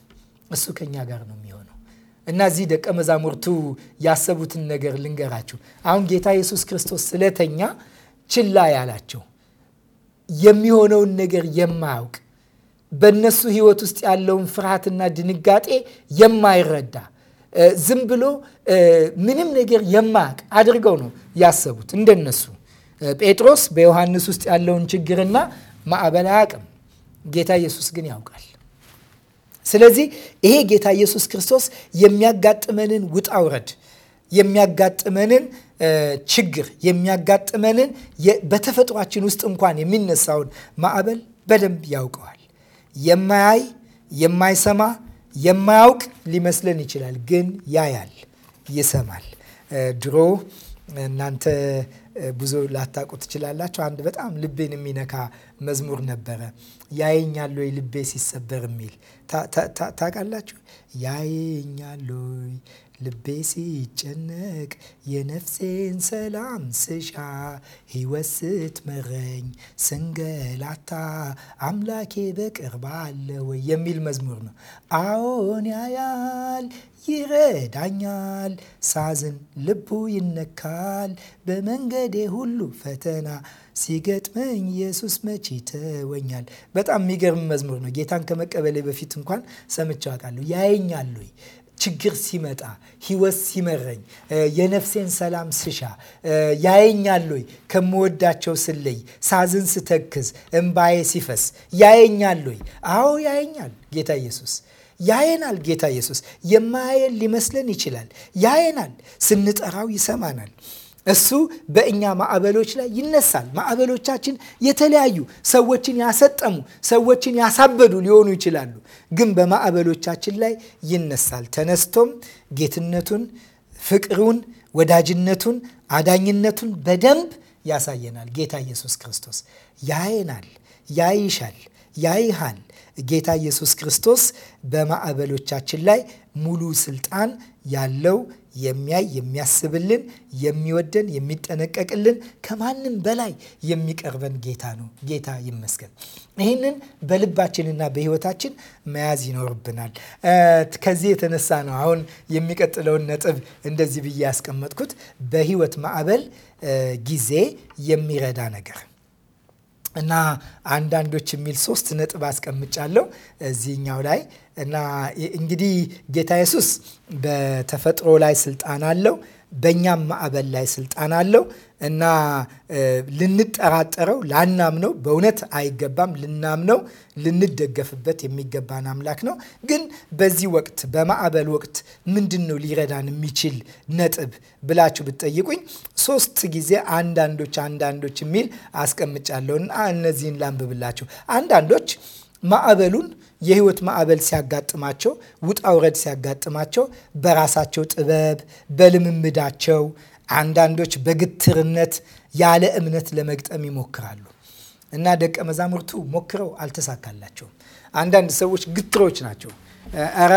እሱ ከኛ ጋር ነው የሚሆነው። እና እዚህ ደቀ መዛሙርቱ ያሰቡትን ነገር ልንገራችሁ። አሁን ጌታ ኢየሱስ ክርስቶስ ስለተኛ ችላ ያላቸው የሚሆነውን ነገር የማያውቅ በእነሱ ህይወት ውስጥ ያለውን ፍርሃትና ድንጋጤ የማይረዳ ዝም ብሎ ምንም ነገር የማያውቅ አድርገው ነው ያሰቡት። እንደነሱ ጴጥሮስ በዮሐንስ ውስጥ ያለውን ችግርና ማዕበል አያውቅም። ጌታ ኢየሱስ ግን ያውቃል። ስለዚህ ይሄ ጌታ ኢየሱስ ክርስቶስ የሚያጋጥመንን ውጣ ውረድ የሚያጋጥመንን ችግር የሚያጋጥመንን በተፈጥሯችን ውስጥ እንኳን የሚነሳውን ማዕበል በደንብ ያውቀዋል። የማያይ የማይሰማ የማያውቅ ሊመስለን ይችላል፣ ግን ያያል፣ ይሰማል። ድሮ እናንተ ብዙ ላታቁ ትችላላችሁ። አንድ በጣም ልቤን የሚነካ መዝሙር ነበረ። ያየኛል ወይ ልቤ ሲሰበር የሚል ታውቃላችሁ? ያየኛል ወይ ልቤ ሲጨነቅ የነፍሴን ሰላም ስሻ ሕይወት ስትመረኝ ስንገላታ አምላኬ በቅርብ አለ ወይ የሚል መዝሙር ነው። አዎን ያያል ይረዳኛል። ሳዝን ልቡ ይነካል። በመንገዴ ሁሉ ፈተና ሲገጥመኝ ኢየሱስ መቼ ተወኛል። በጣም የሚገርም መዝሙር ነው። ጌታን ከመቀበሌ በፊት እንኳን ሰምቼው አውቃለሁ። ያየኛል ወይ ችግር ሲመጣ ህይወት ሲመረኝ የነፍሴን ሰላም ስሻ ያየኛል ወይ ከምወዳቸው ስለይ ሳዝን ስተክዝ እምባዬ ሲፈስ ያየኛል ወይ? አዎ ያየኛል ጌታ ኢየሱስ ያየናል። ጌታ ኢየሱስ የማያየን ሊመስለን ይችላል። ያየናል። ስንጠራው ይሰማናል። እሱ በእኛ ማዕበሎች ላይ ይነሳል። ማዕበሎቻችን የተለያዩ ሰዎችን ያሰጠሙ፣ ሰዎችን ያሳበዱ ሊሆኑ ይችላሉ። ግን በማዕበሎቻችን ላይ ይነሳል። ተነስቶም ጌትነቱን፣ ፍቅሩን፣ ወዳጅነቱን፣ አዳኝነቱን በደንብ ያሳየናል። ጌታ ኢየሱስ ክርስቶስ ያየናል፣ ያይሻል፣ ያይሃል ጌታ ኢየሱስ ክርስቶስ በማዕበሎቻችን ላይ ሙሉ ስልጣን ያለው የሚያይ የሚያስብልን የሚወደን የሚጠነቀቅልን ከማንም በላይ የሚቀርበን ጌታ ነው። ጌታ ይመስገን። ይህንን በልባችንና በሕይወታችን መያዝ ይኖርብናል። ከዚህ የተነሳ ነው አሁን የሚቀጥለውን ነጥብ እንደዚህ ብዬ ያስቀመጥኩት በሕይወት ማዕበል ጊዜ የሚረዳ ነገር እና አንዳንዶች የሚል ሶስት ነጥብ አስቀምጫለሁ እዚህኛው ላይ እና እንግዲህ ጌታ የሱስ በተፈጥሮ ላይ ስልጣን አለው በእኛም ማዕበል ላይ ስልጣን አለው እና ልንጠራጠረው ላናምነው በእውነት አይገባም። ልናምነው ልንደገፍበት የሚገባን አምላክ ነው። ግን በዚህ ወቅት በማዕበል ወቅት ምንድን ነው ሊረዳን የሚችል ነጥብ ብላችሁ ብትጠይቁኝ ሶስት ጊዜ አንዳንዶች አንዳንዶች የሚል አስቀምጫለሁ እና እነዚህን ላንብብላችሁ አንዳንዶች ማዕበሉን የህይወት ማዕበል ሲያጋጥማቸው ውጣ ውረድ ሲያጋጥማቸው በራሳቸው ጥበብ በልምምዳቸው አንዳንዶች በግትርነት ያለ እምነት ለመግጠም ይሞክራሉ እና ደቀ መዛሙርቱ ሞክረው አልተሳካላቸውም። አንዳንድ ሰዎች ግትሮች ናቸው። እረ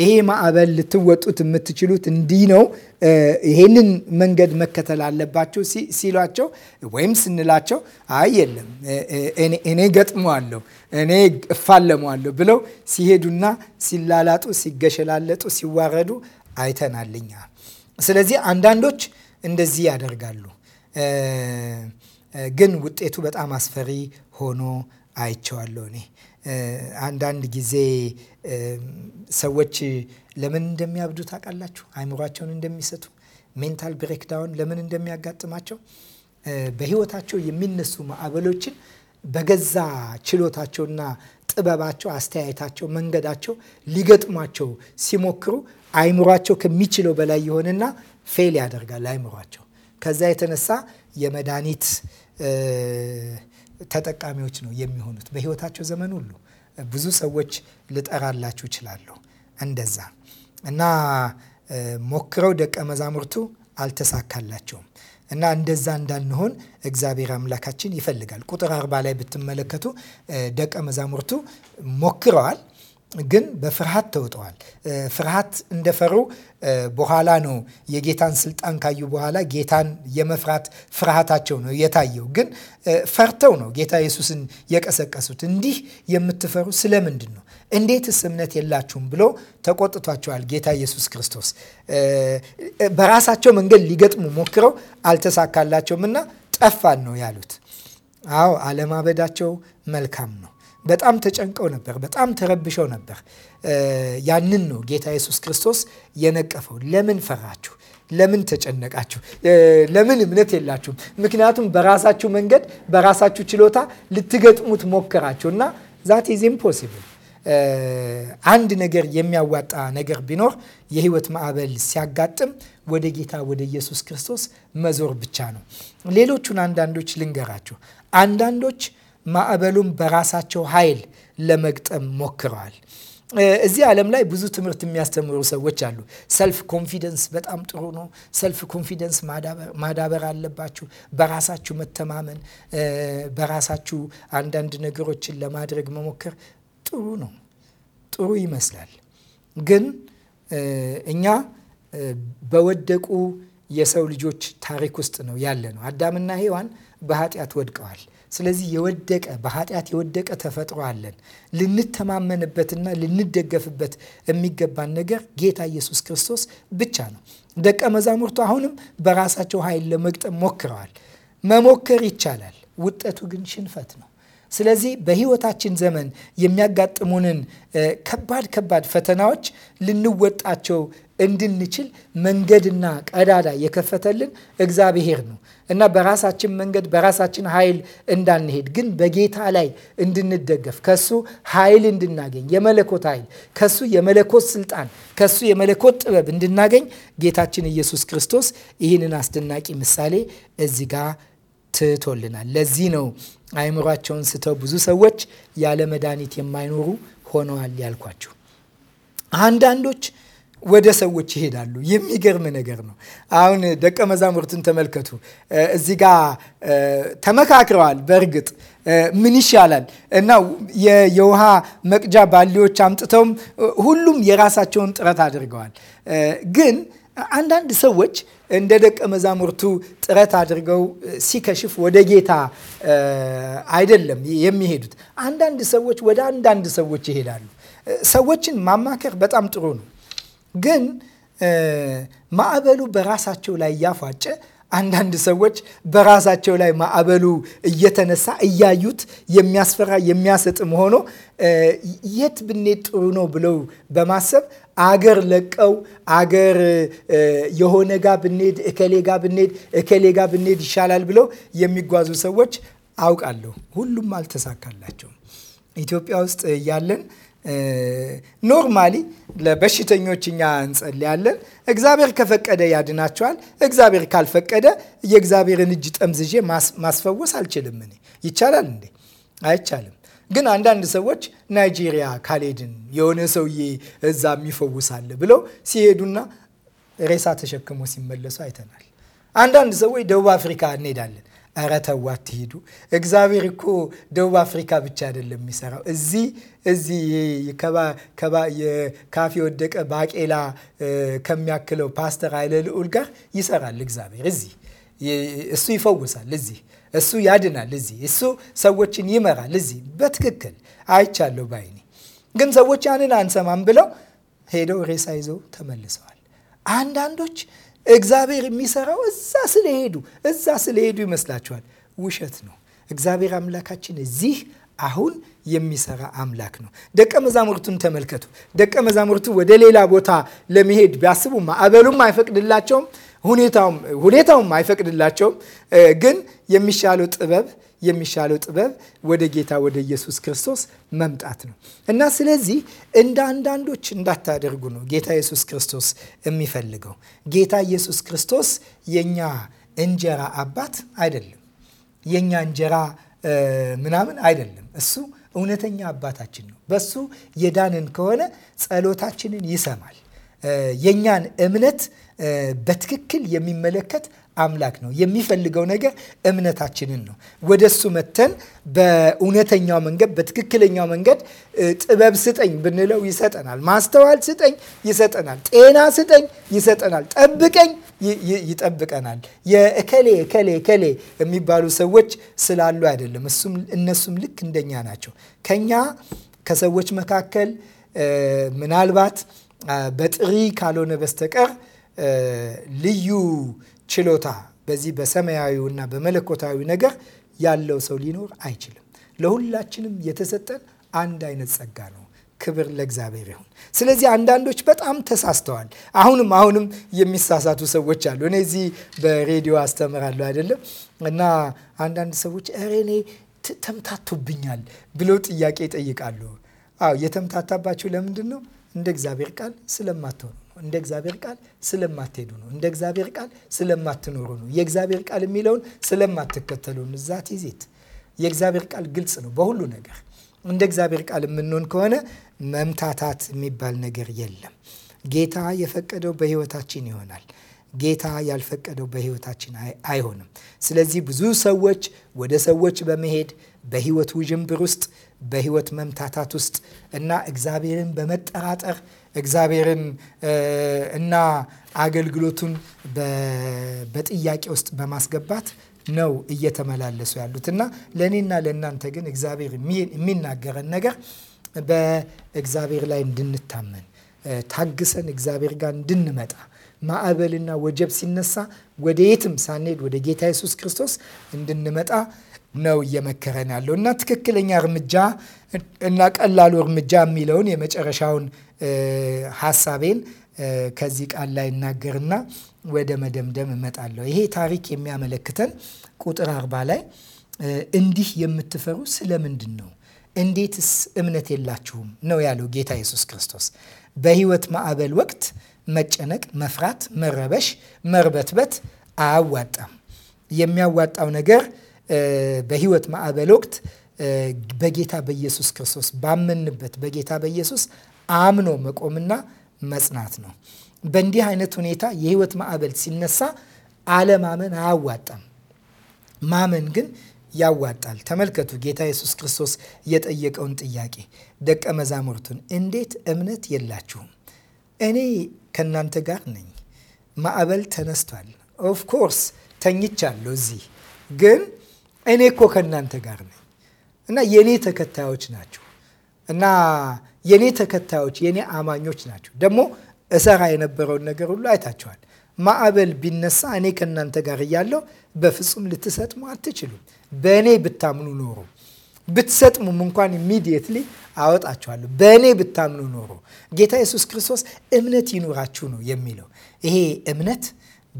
ይሄ ማዕበል ልትወጡት የምትችሉት እንዲህ ነው፣ ይሄንን መንገድ መከተል አለባቸው ሲሏቸው ወይም ስንላቸው አይ የለም እኔ ገጥመዋለሁ፣ እኔ እፋለመዋለሁ ብለው ሲሄዱና ሲላላጡ፣ ሲገሸላለጡ፣ ሲዋረዱ አይተናልኛ። ስለዚህ አንዳንዶች እንደዚህ ያደርጋሉ፣ ግን ውጤቱ በጣም አስፈሪ ሆኖ አይቸዋለሁ እኔ አንዳንድ ጊዜ ሰዎች ለምን እንደሚያብዱ ታውቃላችሁ? አይምሯቸውን እንደሚሰቱ ሜንታል ብሬክዳውን ለምን እንደሚያጋጥማቸው በህይወታቸው የሚነሱ ማዕበሎችን በገዛ ችሎታቸውና ጥበባቸው፣ አስተያየታቸው፣ መንገዳቸው ሊገጥሟቸው ሲሞክሩ አይምሯቸው ከሚችለው በላይ የሆነና ፌል ያደርጋል አይምሯቸው። ከዛ የተነሳ የመድኃኒት ተጠቃሚዎች ነው የሚሆኑት በህይወታቸው ዘመን ሁሉ። ብዙ ሰዎች ልጠራላችሁ እችላለሁ እንደዛ እና ሞክረው ደቀ መዛሙርቱ አልተሳካላቸውም። እና እንደዛ እንዳንሆን እግዚአብሔር አምላካችን ይፈልጋል። ቁጥር አርባ ላይ ብትመለከቱ ደቀ መዛሙርቱ ሞክረዋል ግን በፍርሃት ተውጠዋል። ፍርሃት እንደፈሩ በኋላ ነው የጌታን ስልጣን ካዩ በኋላ ጌታን የመፍራት ፍርሃታቸው ነው የታየው። ግን ፈርተው ነው ጌታ ኢየሱስን የቀሰቀሱት። እንዲህ የምትፈሩ ስለምንድን ነው? እንዴትስ እምነት የላችሁም? ብሎ ተቆጥቷቸዋል ጌታ ኢየሱስ ክርስቶስ። በራሳቸው መንገድ ሊገጥሙ ሞክረው አልተሳካላቸውም እና ጠፋን ነው ያሉት። አዎ አለማበዳቸው መልካም ነው። በጣም ተጨንቀው ነበር፣ በጣም ተረብሸው ነበር። ያንን ነው ጌታ ኢየሱስ ክርስቶስ የነቀፈው። ለምን ፈራችሁ? ለምን ተጨነቃችሁ? ለምን እምነት የላችሁም? ምክንያቱም በራሳችሁ መንገድ በራሳችሁ ችሎታ ልትገጥሙት ሞከራችሁ እና ዛት ኢዝ ኢምፖሲብል። አንድ ነገር የሚያዋጣ ነገር ቢኖር የህይወት ማዕበል ሲያጋጥም ወደ ጌታ ወደ ኢየሱስ ክርስቶስ መዞር ብቻ ነው። ሌሎቹን አንዳንዶች ልንገራችሁ። አንዳንዶች ማዕበሉን በራሳቸው ኃይል ለመግጠም ሞክረዋል። እዚህ ዓለም ላይ ብዙ ትምህርት የሚያስተምሩ ሰዎች አሉ። ሰልፍ ኮንፊደንስ በጣም ጥሩ ነው። ሰልፍ ኮንፊደንስ ማዳበር አለባችሁ። በራሳችሁ መተማመን፣ በራሳችሁ አንዳንድ ነገሮችን ለማድረግ መሞከር ጥሩ ነው። ጥሩ ይመስላል። ግን እኛ በወደቁ የሰው ልጆች ታሪክ ውስጥ ነው ያለ ነው። አዳምና ሔዋን በኃጢአት ወድቀዋል። ስለዚህ የወደቀ በኃጢአት የወደቀ ተፈጥሮ አለን። ልንተማመንበትና ልንደገፍበት የሚገባን ነገር ጌታ ኢየሱስ ክርስቶስ ብቻ ነው። ደቀ መዛሙርቱ አሁንም በራሳቸው ኃይል ለመግጠም ሞክረዋል። መሞከር ይቻላል፣ ውጤቱ ግን ሽንፈት ነው። ስለዚህ በሕይወታችን ዘመን የሚያጋጥሙንን ከባድ ከባድ ፈተናዎች ልንወጣቸው እንድንችል መንገድና ቀዳዳ የከፈተልን እግዚአብሔር ነው እና በራሳችን መንገድ በራሳችን ኃይል እንዳንሄድ ግን በጌታ ላይ እንድንደገፍ ከሱ ኃይል እንድናገኝ የመለኮት ኃይል ከሱ የመለኮት ስልጣን ከሱ የመለኮት ጥበብ እንድናገኝ ጌታችን ኢየሱስ ክርስቶስ ይህንን አስደናቂ ምሳሌ እዚህ ጋር ትቶልናል። ለዚህ ነው አይምሯቸውን ስተው ብዙ ሰዎች ያለ መድኃኒት የማይኖሩ ሆነዋል ያልኳችሁ አንዳንዶች ወደ ሰዎች ይሄዳሉ። የሚገርም ነገር ነው። አሁን ደቀ መዛሙርትን ተመልከቱ። እዚህ ጋ ተመካክረዋል። በእርግጥ ምን ይሻላል እና የውሃ መቅጃ ባሊዎች አምጥተውም ሁሉም የራሳቸውን ጥረት አድርገዋል። ግን አንዳንድ ሰዎች እንደ ደቀ መዛሙርቱ ጥረት አድርገው ሲከሽፍ ወደ ጌታ አይደለም የሚሄዱት። አንዳንድ ሰዎች ወደ አንዳንድ ሰዎች ይሄዳሉ። ሰዎችን ማማከር በጣም ጥሩ ነው። ግን ማዕበሉ በራሳቸው ላይ እያፏጨ አንዳንድ ሰዎች በራሳቸው ላይ ማዕበሉ እየተነሳ እያዩት የሚያስፈራ የሚያሰጥም ሆኖ የት ብንሄድ ጥሩ ነው ብለው በማሰብ አገር ለቀው አገር የሆነ ጋ ብንሄድ እከሌ ጋ ብንሄድ እከሌ ጋ ብንሄድ ይሻላል ብለው የሚጓዙ ሰዎች አውቃለሁ። ሁሉም አልተሳካላቸውም። ኢትዮጵያ ውስጥ እያለን ኖርማሊ ለበሽተኞች እኛ እንጸልያለን። እግዚአብሔር ከፈቀደ ያድናቸዋል። እግዚአብሔር ካልፈቀደ የእግዚአብሔርን እጅ ጠምዝዤ ማስፈወስ አልችልም። እኔ ይቻላል እንዴ? አይቻልም። ግን አንዳንድ ሰዎች ናይጄሪያ ካልሄድን የሆነ ሰውዬ እዛ የሚፈውሳል ብለው ሲሄዱና ሬሳ ተሸክሞ ሲመለሱ አይተናል። አንዳንድ ሰዎች ደቡብ አፍሪካ እንሄዳለን እረ ተው አትሄዱ። እግዚአብሔር እኮ ደቡብ አፍሪካ ብቻ አይደለም የሚሰራው። እዚህ እዚህ ካፍ ወደቀ ባቄላ ከሚያክለው ፓስተር ኃይለ ልዑል ጋር ይሰራል እግዚአብሔር። እዚህ እሱ ይፈውሳል፣ እዚህ እሱ ያድናል፣ እዚህ እሱ ሰዎችን ይመራል። እዚህ በትክክል አይቻለሁ ባይኔ። ግን ሰዎች ያንን አንሰማም ብለው ሄደው ሬሳ ይዘው ተመልሰዋል። አንዳንዶች እግዚአብሔር የሚሰራው እዛ ስለሄዱ እዛ ስለሄዱ ይመስላችኋል? ውሸት ነው። እግዚአብሔር አምላካችን እዚህ አሁን የሚሰራ አምላክ ነው። ደቀ መዛሙርቱን ተመልከቱ። ደቀ መዛሙርቱ ወደ ሌላ ቦታ ለመሄድ ቢያስቡ ማዕበሉም አይፈቅድላቸውም፣ ሁኔታውም አይፈቅድላቸውም። ግን የሚሻለው ጥበብ የሚሻለው ጥበብ ወደ ጌታ ወደ ኢየሱስ ክርስቶስ መምጣት ነው እና ስለዚህ እንደ አንዳንዶች እንዳታደርጉ ነው ጌታ ኢየሱስ ክርስቶስ የሚፈልገው። ጌታ ኢየሱስ ክርስቶስ የእኛ እንጀራ አባት አይደለም። የእኛ እንጀራ ምናምን አይደለም። እሱ እውነተኛ አባታችን ነው። በሱ የዳንን ከሆነ ጸሎታችንን ይሰማል። የእኛን እምነት በትክክል የሚመለከት አምላክ ነው። የሚፈልገው ነገር እምነታችንን ነው። ወደ እሱ መተን በእውነተኛው መንገድ፣ በትክክለኛው መንገድ ጥበብ ስጠኝ ብንለው ይሰጠናል። ማስተዋል ስጠኝ ይሰጠናል። ጤና ስጠኝ ይሰጠናል። ጠብቀኝ ይጠብቀናል። የእከሌ እከሌ እከሌ የሚባሉ ሰዎች ስላሉ አይደለም። እነሱም ልክ እንደኛ ናቸው። ከኛ ከሰዎች መካከል ምናልባት በጥሪ ካልሆነ በስተቀር ልዩ ችሎታ በዚህ በሰማያዊውና በመለኮታዊ ነገር ያለው ሰው ሊኖር አይችልም። ለሁላችንም የተሰጠን አንድ አይነት ጸጋ ነው። ክብር ለእግዚአብሔር ይሁን። ስለዚህ አንዳንዶች በጣም ተሳስተዋል። አሁንም አሁንም የሚሳሳቱ ሰዎች አሉ። እኔ እዚህ በሬዲዮ አስተምራለሁ አይደለም እና አንዳንድ ሰዎች ኧረ እኔ ተምታቶብኛል ብለው ጥያቄ ይጠይቃሉ። አዎ የተምታታባቸው ለምንድን ነው? እንደ እግዚአብሔር ቃል ስለማትሆኑ እንደ እግዚአብሔር ቃል ስለማትሄዱ ነው። እንደ እግዚአብሔር ቃል ስለማትኖሩ ነው። የእግዚአብሔር ቃል የሚለውን ስለማትከተሉ ነው። ዛት ይዜት የእግዚአብሔር ቃል ግልጽ ነው በሁሉ ነገር። እንደ እግዚአብሔር ቃል የምንሆን ከሆነ መምታታት የሚባል ነገር የለም። ጌታ የፈቀደው በህይወታችን ይሆናል። ጌታ ያልፈቀደው በህይወታችን አይሆንም። ስለዚህ ብዙ ሰዎች ወደ ሰዎች በመሄድ በህይወት ውዥንብር ውስጥ በህይወት መምታታት ውስጥ እና እግዚአብሔርን በመጠራጠር እግዚአብሔርን እና አገልግሎቱን በጥያቄ ውስጥ በማስገባት ነው እየተመላለሱ ያሉት እና ለእኔና ለእናንተ ግን እግዚአብሔር የሚናገረን ነገር በእግዚአብሔር ላይ እንድንታመን ታግሰን እግዚአብሔር ጋር እንድንመጣ ማዕበልና ወጀብ ሲነሳ ወደ የትም ሳንሄድ ወደ ጌታ ኢየሱስ ክርስቶስ እንድንመጣ ነው እየመከረን ያለው እና ትክክለኛ እርምጃ እና ቀላሉ እርምጃ የሚለውን የመጨረሻውን ሀሳቤን ከዚህ ቃል ላይ እናገርና ወደ መደምደም እመጣለሁ። ይሄ ታሪክ የሚያመለክተን ቁጥር አርባ ላይ እንዲህ የምትፈሩ ስለምንድን ነው? እንዴትስ እምነት የላችሁም? ነው ያለው ጌታ ኢየሱስ ክርስቶስ። በህይወት ማዕበል ወቅት መጨነቅ፣ መፍራት፣ መረበሽ፣ መርበትበት አያዋጣም። የሚያዋጣው ነገር በህይወት ማዕበል ወቅት በጌታ በኢየሱስ ክርስቶስ ባመንበት በጌታ በኢየሱስ አምኖ መቆምና መጽናት ነው። በእንዲህ አይነት ሁኔታ የህይወት ማዕበል ሲነሳ አለማመን አያዋጣም፣ ማመን ግን ያዋጣል። ተመልከቱ ጌታ ኢየሱስ ክርስቶስ የጠየቀውን ጥያቄ ደቀ መዛሙርቱን፣ እንዴት እምነት የላችሁም? እኔ ከእናንተ ጋር ነኝ። ማዕበል ተነስቷል። ኦፍኮርስ ተኝቻለሁ እዚህ፣ ግን እኔ እኮ ከእናንተ ጋር ነኝ እና የእኔ ተከታዮች ናችሁ እና የኔ ተከታዮች የኔ አማኞች ናቸው። ደግሞ እሰራ የነበረውን ነገር ሁሉ አይታችኋል። ማዕበል ቢነሳ እኔ ከእናንተ ጋር እያለሁ በፍጹም ልትሰጥሙ አትችሉም። በእኔ ብታምኑ ኖሮ ብትሰጥሙም እንኳን ኢሚዲየትሊ አወጣችኋለሁ። በእኔ ብታምኑ ኖሮ ጌታ ኢየሱስ ክርስቶስ እምነት ይኑራችሁ ነው የሚለው። ይሄ እምነት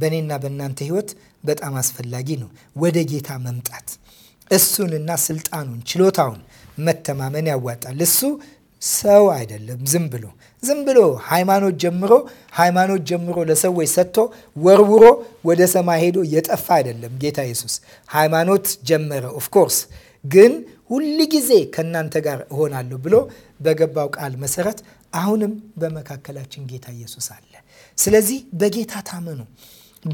በእኔና በእናንተ ህይወት በጣም አስፈላጊ ነው። ወደ ጌታ መምጣት እሱንና ስልጣኑን ችሎታውን መተማመን ያዋጣል። እሱ ሰው አይደለም። ዝም ብሎ ዝም ብሎ ሃይማኖት ጀምሮ ሃይማኖት ጀምሮ ለሰዎች ሰጥቶ ወርውሮ ወደ ሰማይ ሄዶ የጠፋ አይደለም። ጌታ ኢየሱስ ሃይማኖት ጀመረ። ኦፍኮርስ ግን ሁል ጊዜ ከእናንተ ጋር እሆናለሁ ብሎ በገባው ቃል መሰረት አሁንም በመካከላችን ጌታ ኢየሱስ አለ። ስለዚህ በጌታ ታመኑ፣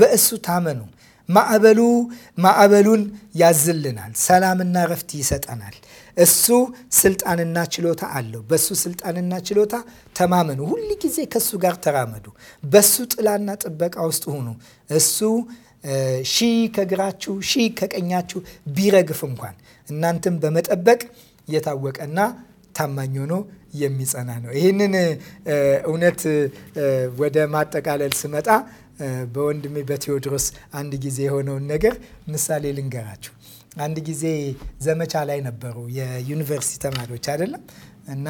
በእሱ ታመኑ። ማዕበሉ ማዕበሉን ያዝልናል፣ ሰላምና ረፍት ይሰጠናል። እሱ ስልጣንና ችሎታ አለው። በሱ ስልጣንና ችሎታ ተማመኑ። ሁል ጊዜ ከሱ ጋር ተራመዱ። በሱ ጥላና ጥበቃ ውስጥ ሁኑ። እሱ ሺህ ከግራችሁ ሺህ ከቀኛችሁ ቢረግፍ እንኳን እናንተም በመጠበቅ የታወቀና ታማኝ ሆኖ የሚጸና ነው። ይህንን እውነት ወደ ማጠቃለል ስመጣ በወንድሜ በቴዎድሮስ አንድ ጊዜ የሆነውን ነገር ምሳሌ ልንገራችሁ። አንድ ጊዜ ዘመቻ ላይ ነበሩ የዩኒቨርሲቲ ተማሪዎች አይደለም እና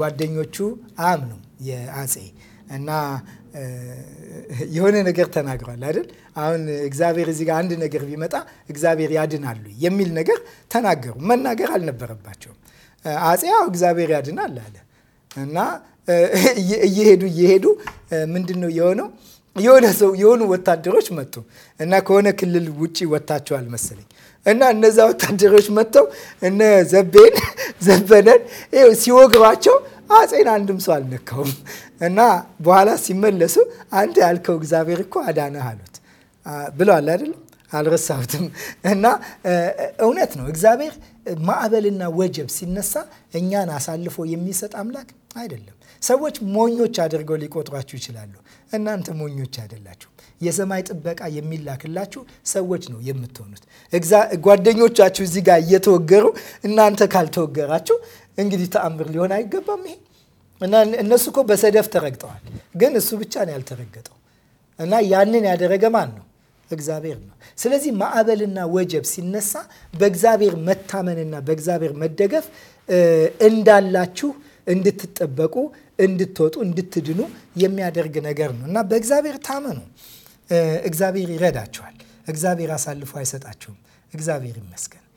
ጓደኞቹ አም ነው የአጼ እና የሆነ ነገር ተናግሯል አይደል? አሁን እግዚአብሔር እዚህ ጋር አንድ ነገር ቢመጣ እግዚአብሔር ያድናሉ የሚል ነገር ተናገሩ። መናገር አልነበረባቸውም። አጼ ያው እግዚአብሔር ያድናል አለ እና እየሄዱ እየሄዱ ምንድን ነው የሆነው የሆነ ሰው የሆኑ ወታደሮች መጡ እና ከሆነ ክልል ውጭ ወታቸዋል መሰለኝ እና እነዛ ወታደሮች መጥተው እነ ዘቤን ዘበነን ሲወግሯቸው አፄን አንድም ሰው አልነካውም እና በኋላ ሲመለሱ አንተ ያልከው እግዚአብሔር እኮ አዳነህ አሉት ብለዋል አይደለም አልረሳሁትም እና እውነት ነው እግዚአብሔር ማዕበልና ወጀብ ሲነሳ እኛን አሳልፎ የሚሰጥ አምላክ አይደለም ሰዎች ሞኞች አድርገው ሊቆጥሯችሁ ይችላሉ። እናንተ ሞኞች አይደላችሁ። የሰማይ ጥበቃ የሚላክላችሁ ሰዎች ነው የምትሆኑት። ጓደኞቻችሁ እዚህ ጋር እየተወገሩ እናንተ ካልተወገራችሁ እንግዲህ ተአምር ሊሆን አይገባም ይሄ እና እነሱ እኮ በሰደፍ ተረግጠዋል፣ ግን እሱ ብቻ ነው ያልተረገጠው። እና ያንን ያደረገ ማን ነው? እግዚአብሔር ነው። ስለዚህ ማዕበልና ወጀብ ሲነሳ በእግዚአብሔር መታመንና በእግዚአብሔር መደገፍ እንዳላችሁ እንድትጠበቁ እንድትወጡ እንድትድኑ የሚያደርግ ነገር ነው እና በእግዚአብሔር ታመኑ። እግዚአብሔር ይረዳችኋል። እግዚአብሔር አሳልፎ አይሰጣችሁም። እግዚአብሔር ይመስገን።